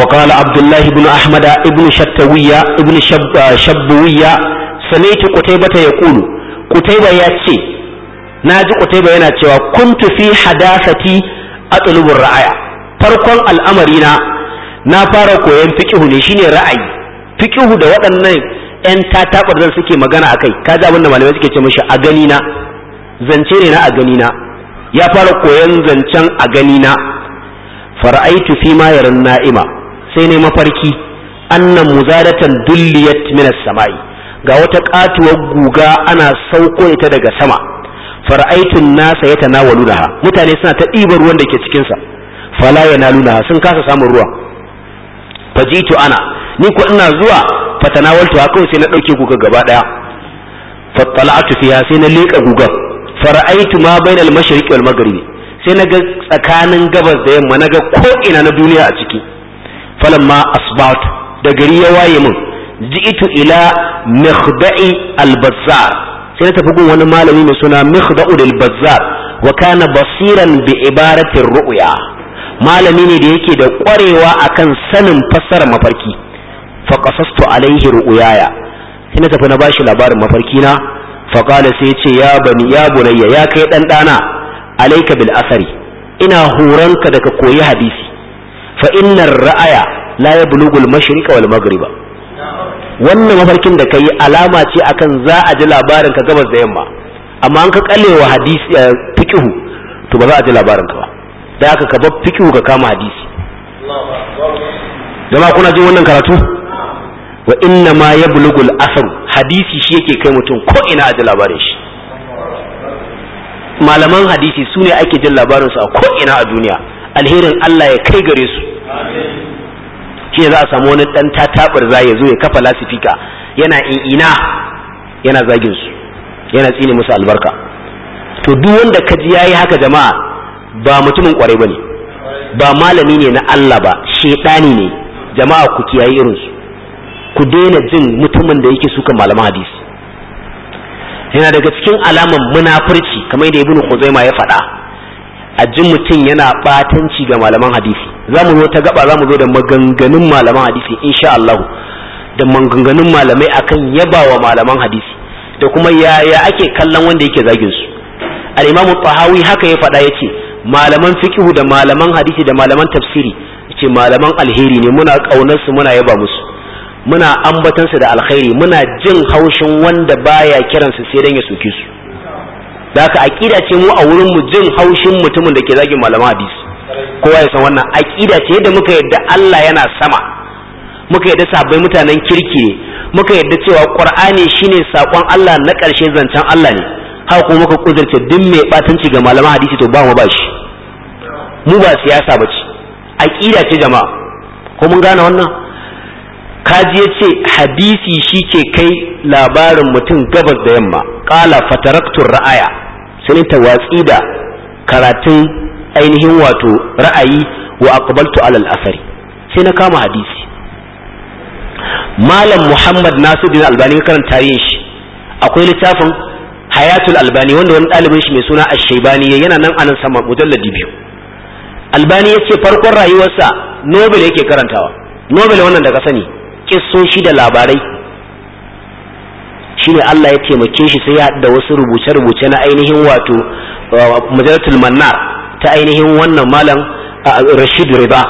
A: وقال عبد الله بن أحمد ابن شتوية ابن شب شبوية سمعت قتيبة يقول قتيبة ياتي ناجي قتيبة يناتي كنت في حداثتي أطلب الرعاية na الأمرين koyon fikihu فكه نشيني ra'ayi فكه da waɗannan ‘yan tatabar zan suke magana a kai kaji abin da malamai suke ce a ganina zance ne a ganina ya fara koyon zancen a ganina fara'aitu fi ma yaran na'ima sai ne mafarki annan muzadatan dulliyat minas samai ga wata katuwar guga ana sauko ita daga sama far'aitun nasa ya tanawalunaha mutane suna ta ɗibar ruwan da ke cikin sa fala yanalunaha sun kasa samun ruwa fajitu ana ni ko ina zuwa fatanawaltu kawai sai na dauke guga gaba daya fattala'atu fiya sai na leka gugan Far'aitu ma bainal mashriqi wal maghribi sai na ga tsakanin gabas da yamma na ga ko ina na duniya a ciki falamma asbat da gari ya waye min ji'tu ila mikhda'i al-bazzar sai tafi gun wani malami mai suna mikhda'u al-bazzar wa kana basiran bi ibarati ru'ya malami ne da yake da ƙwarewa akan sanin fassarar mafarki fa qasastu alaihi ru'yaya sai na tafi na bashi labarin mafarki na fa qala sai ya bani ya bunayya ya kai ɗanɗana. dana alayka bil asari ina horonka da ka koyi hadisi fa innar ra'aya la yablughu al-mashriqa wal maghriba wannan mafarkin da kai alama ce akan za a ji labarin ka gabas da yamma amma an ka kallewa hadisi eh, fiqhu to ba za a ji labarin ka ba da haka ka bar fiqhu ka kama hadisi jama'a kuna jin wannan karatu wa inna ma yablughu al-athar hadisi shi yake kai mutum ko ina a ji labarin shi malaman hadisi sune ake jin labarinsu a ko ina a duniya alherin Allah ya kai gare su shi za a samu wani dan tatabar za ya zo ya kafa lasifika yana ina yana zagin su yana tsini musu albarka to duk wanda ka ji yayi haka jama'a ba mutumin kwarai bane ba malami ne na Allah ba shedani ne jama'a ku kiyaye irin su ku daina jin mutumin da yake suka malaman hadisi yana daga cikin alaman munafurci kamar da ibnu khuzaima ya faɗa a ji mutum yana batanci ga malaman hadisi za mu zo ta gaba za mu zo da maganganun malaman hadisi insha Allah da maganganun malamai akan yabawa malaman hadisi da kuma yaya ake kallon wanda yake zagin su al-imamu tahawi haka ya faɗa yace malaman fiqh da malaman hadisi da malaman tafsiri yace malaman alheri ne muna kaunar su muna yaba musu muna ambatan da alkhairi muna jin haushin wanda baya kiransu sai dan ya soke su da aka aqida ce mu a wurin mu jin haushin mutumin da ke zagin malaman hadisi kowa ya san wannan aqida ce da muka yadda Allah yana sama muka yadda sabai mutanen kirki ne muka yadda cewa qur'ani shine sakon Allah na ƙarshe zancen Allah ne haka kuma muka kudurta duk mai batanci ga malaman hadisi to ba mu ba shi mu ba siyasa ce aqida ce jama'a ko mun gane wannan kaji ya hadisi shike kai labarin mutum gabas da yamma ƙala fataraktun ra'aya sai ta watsi da karatun ainihin wato ra'ayi wa aqbaltu alal asari sai na kama hadisi malam muhammad nasiruddin albani karanta tarihin shi akwai littafin hayatul albani wanda wani ɗalibin shi mai suna ashaibani yana nan anan sama mujalladi biyu albani ya ce farkon rayuwarsa nobel yake karantawa nobel wannan da ka sani kissoshi da labarai ne Allah ya taimake shi sai ya da wasu rubuce-rubuce na ainihin wato uh, majalatul manna ta ainihin wannan malam uh, Rashid Riba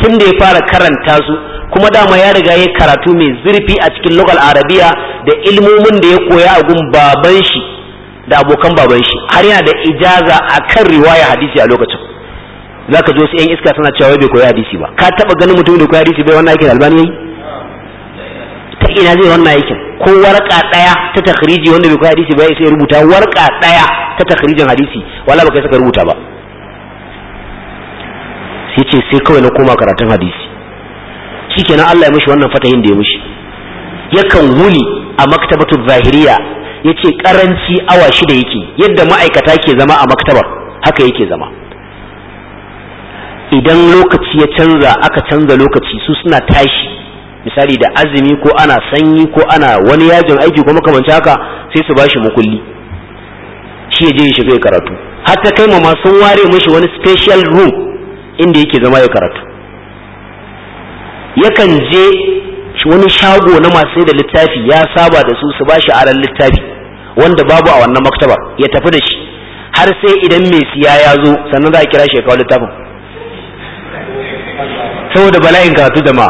A: tun da ya fara karanta su kuma dama ya riga ya karatu mai zurfi a cikin lokal arabiya da ilmomin da ya koya a gun baban shi da abokan baban shi har yana da ijaza akan riwaya hadisi a lokacin zaka ji wasu yan iska suna cewa bai koya hadisi ba ka taba ganin mutum da koya hadisi bai wannan aikin albani ina zai wannan aikin ko warka daya ta takhriji wanda bai kai hadisi ba sai rubuta warka daya ta takhrijin hadisi wallahi baka saka rubuta ba sai ce sai kawai na koma karatun hadisi shikenan Allah ya mishi wannan fatahin da ya mishi yakan wuli a maktabatu zahiriya yace karanci awa shida yake yadda ma'aikata ke zama a maktabar haka yake zama idan lokaci ya canza aka canza lokaci su suna tashi misali da azumi ko ana sanyi ko ana wani yajin aiki ko makamanci haka sai su bashi mukulli shi je ya shiga ya karatu hatta kai ma sun ware mashi wani special room inda yake zama ya karatu yakan je wani shago na masu da littafi ya saba da su su bashi aran littafi wanda babu a wannan maktaba ya tafi da shi har sai idan mai siya ya zo sannan za a kira shi ya kawo littafin saboda bala'in karatu da ma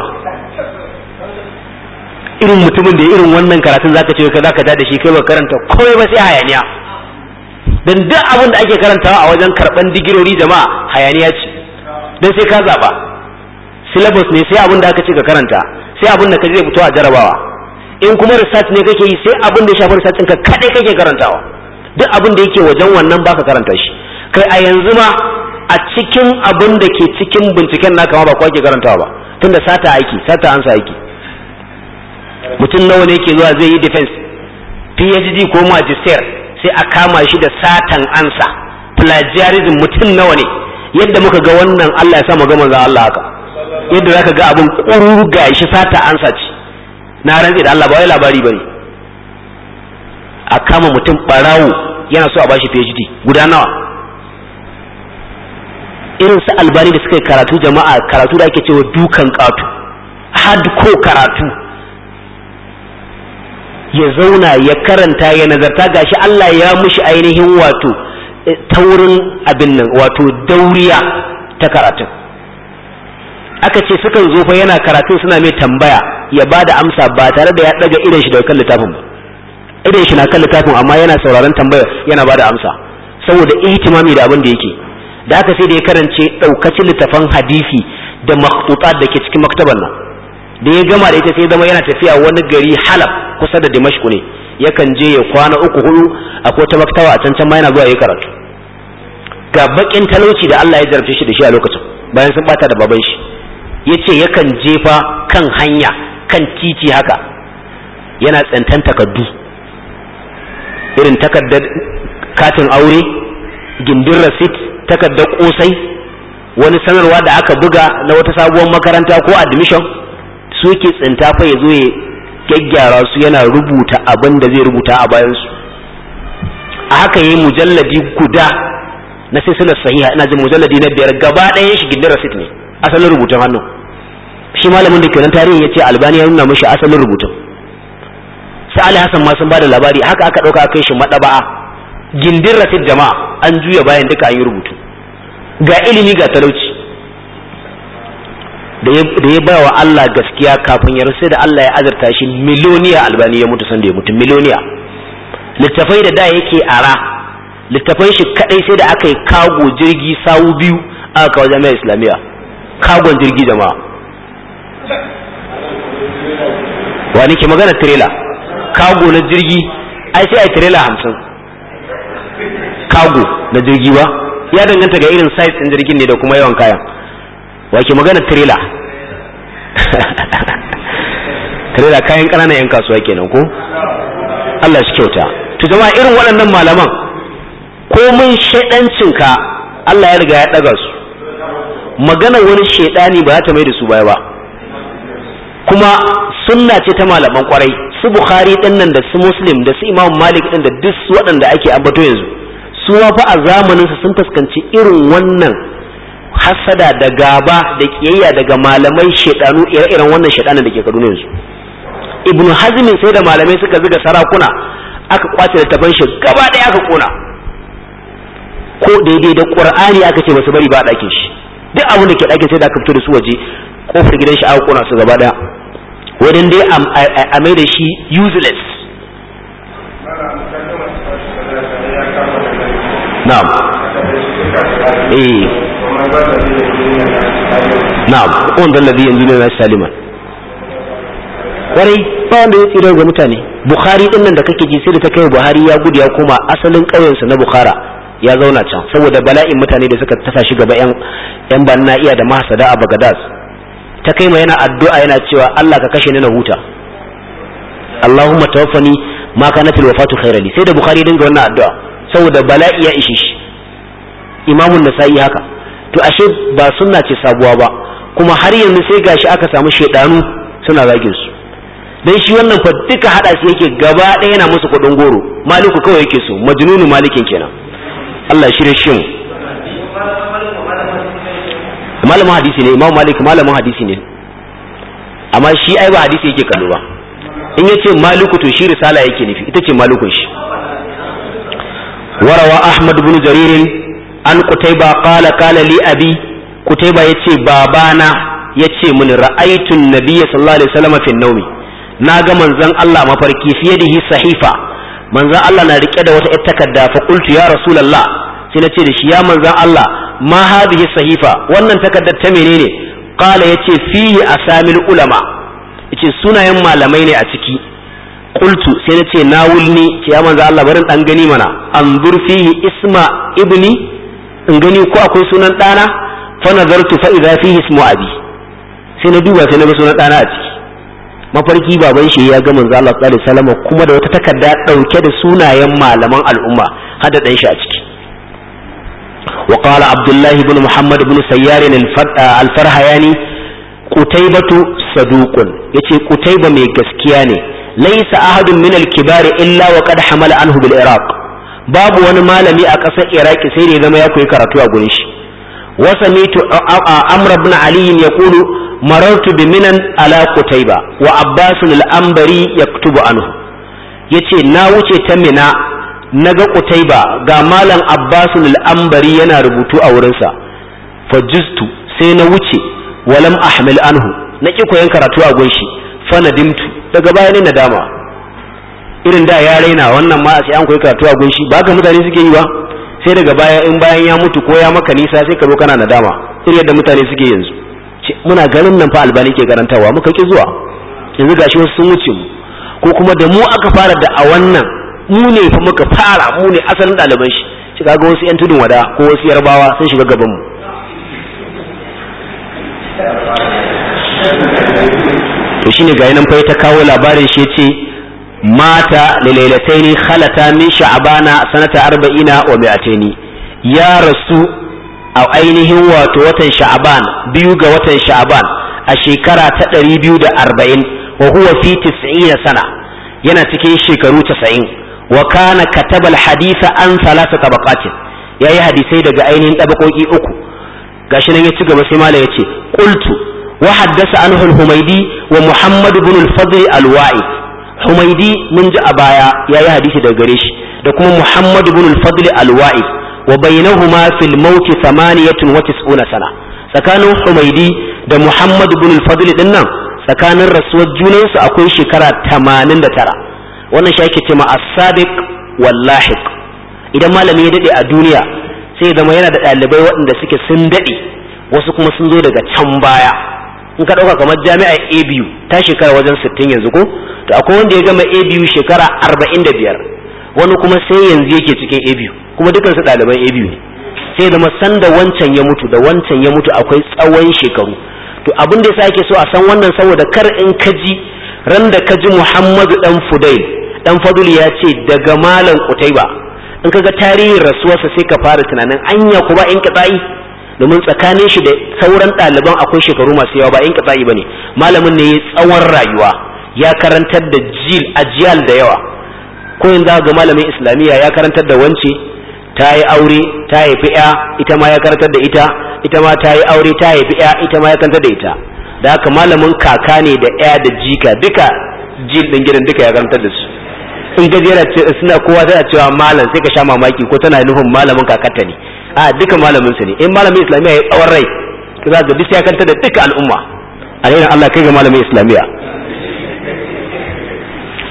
A: irin mutumin da ya irin wannan karatun zaka ce ka zaka da shi kai ba karanta komai ba sai hayaniya dan duk abin da ake karantawa a wajen karban digirori jama'a hayaniya ce dan sai ka zaba syllabus ne sai abin da aka ce ka karanta sai abin da ka je fito a jarabawa in kuma research ne kake yi sai abin da ya shafi research ka kadai kake karantawa duk abin da yake wajen wannan ka karanta shi kai a yanzu ma a cikin abin da ke cikin binciken naka ma ba kwa ke karantawa ba tunda sata aiki sata ansa aiki mutum nawa ne ke zuwa zai yi defense phd ko magister sai a kama shi da satan ansa plagiarism mutum nawa ne yadda muka ga wannan Allah ya sa mu ga manzo Allah haka yadda zaka ga abin kururu shi sata ansa ce na rantsi da Allah ba wai labari bane a kama mutum barawo yana so a bashi phd guda nawa irin su albani da suka yi karatu jama'a karatu da ake cewa dukan katu hard ko karatu ya zauna ya karanta ya nazarta gashi Allah ya mushi ainihin wato eh, taurin abin nan wato dauriya ta karatun aka ce sukan zo fa yana karatun suna mai tambaya ya ba da amsa ba tare da ya daga idan shi daga kan littafin ba idan shi na kan littafin amma yana sauraron tambaya yana ba da amsa saboda ihtimami da abin da yake da aka sai da ya karance daukacin littafan hadisi da maktutat da ke cikin maktabar nan da ya gama da ita sai zama yana tafiya wani gari halab kusa da dimashku ne yakan je ya kwana uku hudu ko ta maktawa a can can ma yana zuwa ya karatu ga bakin talauci da Allah ya jarabce shi da shi a lokacin bayan sun bata da baban shi yace yakan jefa kan hanya kan titi haka yana tsantan takaddu irin takaddar katin aure gindin rasit takaddar kosai wani sanarwa da aka buga na wata sabuwar makaranta ko admission su tsinta fa ya zo ya gyaggyara su yana rubuta abin da zai rubuta a bayansu. su a haka yi mujalladi guda na silsilar sahiha ina jin mujalladi na biyar gaba ɗayan shi gindin rasit ne asalin rubutun hannu shi malamin da kenan tarihin ya ce albani ya nuna asalin rubutun sa'ali Hassan ma sun bada labari haka aka dauka kai shi madaba'a gindin rasit jama'a an juya bayan duka an yi rubutu ga ilimi ga talauci da ya ba wa Allah gaskiya kafin ya rasu da Allah ya azarta shi miloniya albani ya mutu sanda ya mutu miloniya littafai da da yake ara littafai shi kadai sai da aka yi kago jirgi sawu biyu aka kawo jami'ar islamiyya kagon jirgi jama'a wa ke magana tirela kago na jirgi ai sai a tirela hamsin kago na jirgi ba ya danganta ga irin size ɗin jirgin ne da kuma yawan kayan wake magana tirela tirela kayan ƙananan 'yan kasuwa kenan ko Allah shi kyauta to jama'a irin waɗannan malaman ko mun shaidancin ka Allah ya riga ya ɗaga su magana wani shaidani ba za ta mai da su baya ba kuma sunna ce ta malaman kwarai su bukhari din nan da su muslim da su imam malik din da duk waɗanda ake ambato yanzu su fa a zamanin su sun fuskanci irin wannan hasada da gaba da kiyayya daga malamai shedanu ire-iren wannan shedanan da ke Kaduna yanzu Ibn Hazm sai da malamai suka zuga sarakuna aka kwace littafan shi gaba ɗaya aka kona ko daidai da Qur'ani aka ce basu bari ba a ɗakin shi duk abin da ke ɗakin sai da aka fito da su waje kofar gidan shi aka kona su gaba ɗaya wajen dai a mai da shi useless na'am eh na'am yanzu alladhi yanzuna salima kwarai ba wanda ya tsira ga mutane bukhari din nan da kake ji sai da ta kai buhari ya gudu ya koma asalin ƙauyensa na bukhara ya zauna can saboda bala'in mutane da suka tafa shi gaba yan banna iya da mahasada a bagadas ta kai ma yana addu'a yana cewa Allah ka kashe ni na huta Allahumma tawaffani ma kanat wafatu khairali sai da bukhari dinga wannan addu'a saboda bala'i ya ishe shi imamun nasa'i haka to ashe ba sunna ce sabuwa ba kuma har yanzu sai gashi aka samu shaidanu suna zagin su dan shi wannan fa duka hada su yake gaba ɗaya yana musu kudin goro maliku kawai yake so majnunu malikin kenan Allah da shi malamin hadisi ne imam malik malamin hadisi ne amma shi ai ba hadisi yake kallo ba in yace maliku to shi risala yake nufi ita ce malikun shi warawa ahmad bin jaririn an kutaiba qala qala li abi kutaiba yace babana yace mun ra'aitun nabiyya sallallahu alaihi wasallam fi naumi na ga manzon Allah mafarki fi yadihi sahifa manzon Allah na rike da wata takarda fa qultu ya rasulullah sai nace da shi ya manzon Allah ma hadhihi sahifa wannan takardar ta menene qala yace fihi asamil ulama yace sunayen malamai ne a ciki qultu sai nace na wulni ce ya manzon Allah barin dan gani mana anzur fihi isma ibni in gani ko akwai sunan ɗana fa nazartu fa idza fihi ismu abi sai na duba sai na ga sunan ɗana a ciki mafarki baban shi ya ga manzo Allah sallallahu alaihi wasallam kuma da wata takarda dauke da sunayen malaman al'umma hada dan shi a ciki wa qala abdullah ibn muhammad ibn sayyar ah, al-farhayani qutaybatu saduqun yace qutayba mai gaskiya ne laysa ahadun min al-kibari illa wa qad hamala anhu bil iraq babu wani malami a ƙasar iraki sai da ya zama ya koyi karatu a gurin shi ya kulu marartu bi minan ala بمنن wa قتيبة al-ambari yaktubu anhu yace na wuce ta mina naga Kutaiba ga malam Abbas al-Ambari yana rubutu a wurinsa fajistu sai na wuce walam ahmil anhu na ki koyan karatu a gunshi fa nadimtu daga baya ne nadama irin da ya raina wannan ma sai an koyi karatu a gunshi ba ka mutane suke yi ba sai daga baya in bayan ya mutu ko ya maka nisa sai ka zo kana nadama irin yadda mutane suke yanzu muna ganin nan fa albani ke karantawa muka ki zuwa yanzu gashi wasu sun wuce mu ko kuma da mu aka fara da a wannan mu ne fa muka fara mu ne asalin ɗaliban shi shi kaga wasu yan tudun wada ko wasu yarbawa sun shiga gaban mu to shine ga nan fa ta kawo labarin shi ya ce. mata lilailataini khalata min sha'bana sanata arba'ina wa mi'ataini ya rasu a ainihin wato watan sha'ban biyu ga watan sha'ban a shekara ta ɗari biyu da arba'in wa huwa fi tis'ina sana yana cikin shekaru tasa'in wa kana kataba alhadisa an salasa tabaqatin yayi hadisai daga ainihin tabakoki uku gashi nan ya ci gaba sai mala yace qultu wa haddasa anhu al-humaydi wa muhammad ibn al-fadl al-wa'i humaidi mun ji a baya ya yi hadisi daga gare shi da kuma muhammad ibn al-fadl al-wa'i wa bainahuma fil maut 98 sana tsakanin humaidi da muhammad ibn al-fadl din nan tsakanin rasuwar junansu akwai shekara 89 wannan shi ake cewa as-sabiq wal-lahiq idan malami ya dade a duniya sai zama yana da ɗalibai waɗanda suke sun dade wasu kuma sun zo daga can baya in ka ɗauka kamar jami'a a ta shekara wajen sittin yanzu ko to akwai wanda ya gama a shekara arba'in da biyar wani kuma sai yanzu yake cikin a biyu kuma su ɗaliban a biyu ne sai zama da wancan ya mutu da wancan ya mutu akwai tsawon shekaru to abin da yasa ake so a san wannan saboda kar in ka ji ran da ka ji Muhammadu dan Fudail dan Fadul ya ce daga malam Kutaiba in kaga tarihin rasuwarsa sai ka fara tunanin anya kuma ba in kitsayi domin tsakanin shi da sauran ɗaliban akwai shekaru masu yawa ba in katsayi ba ne malamin ne ya tsawon rayuwa ya karantar da jil ajiyal da yawa ko yanzu ga malamin islamiyya ya karantar da wance ta yi aure ta haifi ya ita ma ya karantar da ita ita ma ta yi aure ta haifi ya ita ma ya karantar da ita da haka malamin kaka ne da ya da jika duka jil ɗin gidan duka ya karantar da su in gajiyar suna kowa tana cewa malam sai ka sha mamaki ko tana nufin malamin kakata ne a duka malamin su ne in malamin islamiyya ya tsawon rai za ga duk kanta da duka al'umma alaihi Allah kai ga malamin islamiyya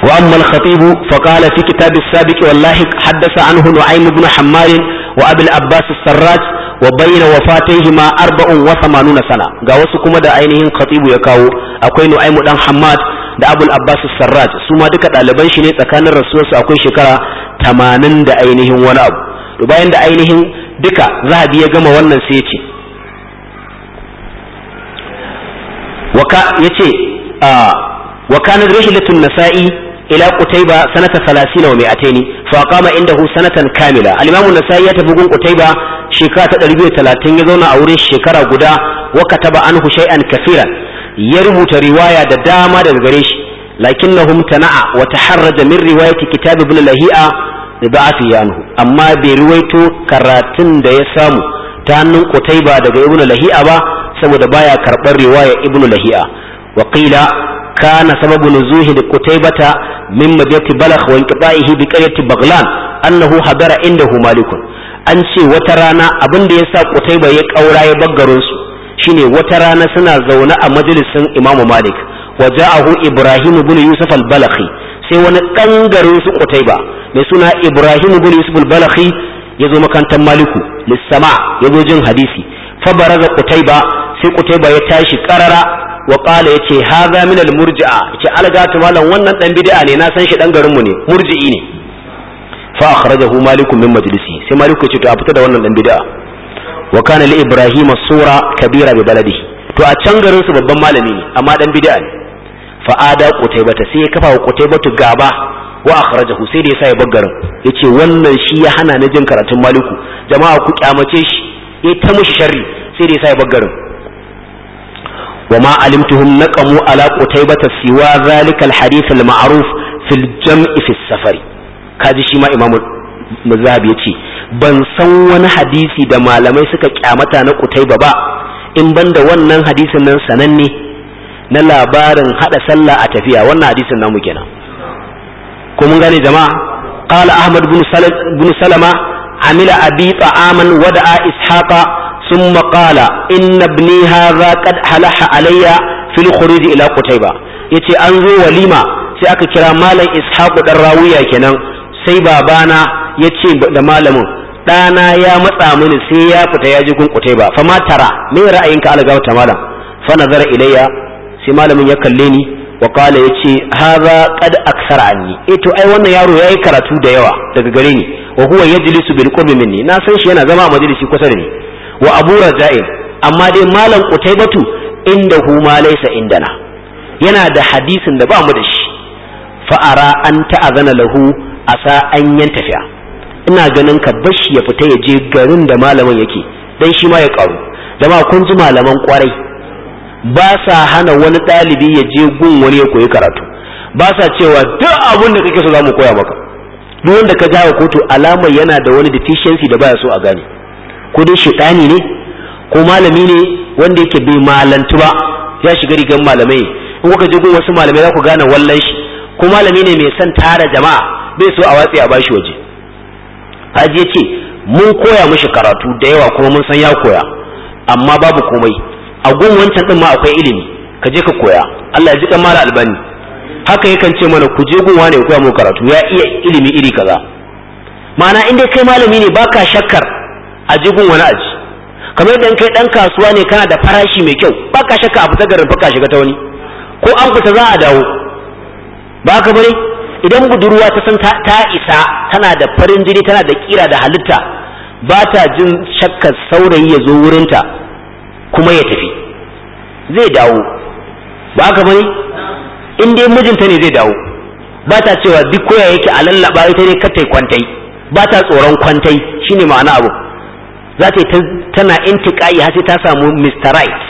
A: wa amma al-khatib fa qala fi kitab as-sabiq wallahi haddatha anhu nu'aym ibn hammar wa abul abbas as-sarraj wa bayna wafatayhima arba'un wa thamanuna sana ga wasu kuma da ainihin khatibu ya kawo akwai nu'aym dan hammad da abul abbas sarraj su ma duka ɗaliban shi ne tsakanin rasuwarsu akwai shekara tamanin da ainihin wani abu to bayan da ainihin duka zahabi ya gama wannan sai ya ce waka ya ce wa kana rihilatun nasa'i ila kutaiba sanata 30 wa 200 fa qama indahu sanatan kamila al-imam an-nasa'i ya tafi gun qutayba shekara ta talatin, ya zauna a wurin shekara guda wa an anhu shay'an kafiran ya rubuta riwaya da dama daga gare shi lakinnahum tana'a wa taharraja min riwayati kitab ibn lahi'a da ya yanhu amma bai ruwaito karatun da ya samu ta hannun Qutaiba daga ibnu Lahi'a ba saboda baya karɓar riwaya ibnu Lahi'a wa qila kana sababu nuzuhi da Qutaybata min madinati Balagh wa inqita'ihi bi hu Baghlan annahu hadara indahu malikun an ce wata rana abin da yasa Qutayba ya kaura ya baggarin su shine wata rana suna zaune a majalisin Imam Malik wa ja'ahu Ibrahim ibn Yusuf al-Balakhi sai wani ɗan garin su Qutaiba mai suna Ibrahim ibn Yusuf balakhi ya zo makantar Maliku lissama ya zo jin hadisi fa baraza Qutaiba sai Qutaiba ya tashi karara wa qala yace haza min al-murji'a yace algatu malam wannan dan bid'a ne na san shi dan garin mu ne murji'i ne fa akhrajahu Maliku min majlisi sai Maliku ya ce to a fita da wannan dan bid'a wa kana li Ibrahim sura kabira bi baladihi to a can garin su babban malami ne amma dan bid'a ne fa'ada qutaybata sai ya kafa wa qutaybatu gaba wa akhrajahu sai da yasa ya baggarin yace wannan shi ya hana ni jin karatun maliku jama'a ku kyamace shi ya ta mushi sharri sai da yasa ya baggarin wa ma alimtuhum naqamu ala qutaybata siwa zalika alhadith alma'ruf fil jam'i fi safari kaji shi ma imamu mazhab yace ban san wani hadisi da malamai suka kyamata na qutayba ba in banda wannan hadisin nan sananne na labarin hada sallah a tafiya wannan hadisin namu kenan ko mun jama'a qala ahmad bin salama amila abi ta'aman wada'a ishaqa thumma qala inna ibni hadha qad halaha alayya fil khuruj ila qutayba yace an zo walima sai aka kira malam ishaqu dan rawiya kenan sai babana yace da malamin ɗana ya matsa mini sai ya fita ya ji kun kutai ba fa ma tara me ra'ayinka algawta malam fa nazara ilayya sai malamin ya kalle ni wa ya yace haza kad aksara anni eh to ai wannan yaro yi karatu da yawa daga gare ni wa huwa yajlisu bil qurbi minni na san shi yana zama a majalisi kusa da ni wa abu raja'in amma dai malam inda hu ma laysa indana yana da hadisin da ba mu da shi fa ara an ta'azana lahu asa an tafiya. ina ganin ka bashi ya fita ya je garin da malamin yake dan shi ma ya karu jama'a kun ji malaman kwarai ba sa hana wani ɗalibi ya je gun wani ya koyi karatu ba sa cewa duk abin da kake so za mu koya maka duk wanda ka jawo kotu alama yana da wani deficiency da baya so a gane ko dai shaitani ne ko malami ne wanda yake bai malantu ba ya shiga rigan malamai in kuka je gun wasu malamai za ku gane wallan shi ko malami ne mai san tara jama'a bai so a watsi a bashi waje haji ya ce mun koya mishi karatu da yawa kuma mun san ya koya amma babu komai a gun wancan din ma akwai ilimi ka je ka koya Allah ya ji kamar albani haka yakan ce mana ku je gun wane ku mu karatu ya iya ilimi iri kaza ma'ana in dai kai malami ne baka shakkar a je gun wani aji kamar idan kai dan kasuwa ne kana da farashi mai kyau baka shakka a fita garin baka shiga ta wani ko an fita za a dawo baka bari? idan budurwa ta san ta isa tana da farin jini tana da kira da halitta ba ta jin shakkar saurayi ya zo wurinta kuma ya tafi zai dawo ba aka bane in dai mijinta ne zai dawo ba ta cewa duk koya yake a lallaba ita ne katai kwantai ba ta tsoron kwantai shine ma'ana abu za ta tana intiƙa'i har sai ta samu Mr. Right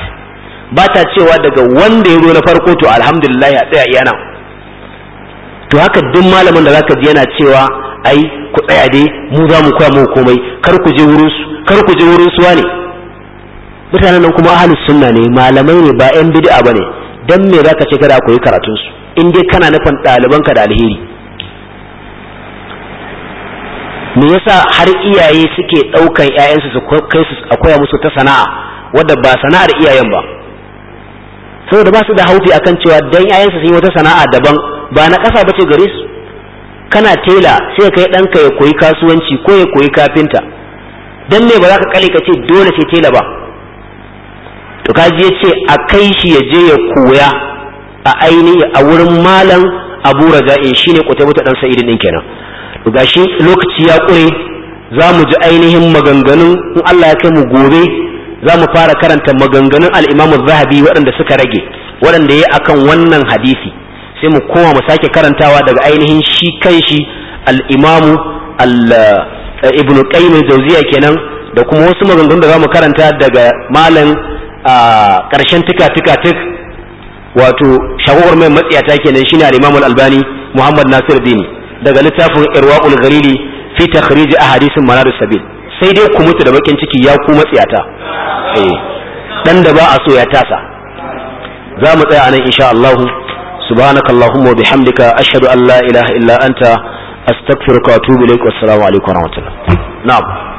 A: ba ta cewa daga wanda ya zo na farko to alhamdulillah a tsaya yana to haka duk malamin da zaka ji yana cewa ai ku tsaya dai mu za mu koya mu komai kar ku je wurin su kar ku je wurin su wane mutanen nan kuma ahli sunna ne malamai ne ba yan bid'a bane dan me zaka ce kada koyi karatun su in dai kana nufin ɗaliban ka da alheri me yasa har iyaye suke ɗaukan ƴaƴansu su kai su akwai musu ta sana'a wadda ba sana'ar iyayen ba saboda ba su da haufi akan cewa dan ƴaƴansu sun yi wata sana'a daban ba na ƙasa bace gare su kana tela sai kai ɗanka ya koyi kasuwanci ko ya koyi kafinta dan me ba za ka kale ka ce dole sai tela ba to kaji yace a kai shi ya je ya koya a ainihi a wurin malam Abu Raja'in shine Qutaybah dan Sa'id din kenan to gashi lokaci ya kure za mu ji ainihin maganganun in Allah ya kai mu gobe za mu fara karanta maganganun al Zahabi waɗanda suka rage waɗanda yayi akan wannan hadisi sai mu koma mu sake karantawa daga ainihin shi kanshi al-Imam al-Ibn eh, Qayyim al kenan da kuma wasu maganganun da za mu karanta daga malam a ƙarshen tuka-tuka tuk wato shagowar mai matsiyata kenan shine al-Imam al-Albani Muhammad Nasir Dini daga littafin Irwaul Ghariri fi takhrij ahadithun manarus sabil sai dai ku mutu da bakin ciki ya ku matsiyata eh dan da ba a so ya tasa za mu tsaya anan insha Allah subhanakallahumma wa bihamdika ashhadu an la ilaha illa anta astaghfiruka wa atubu ilaik wassalamu alaikum wa rahmatullah na'am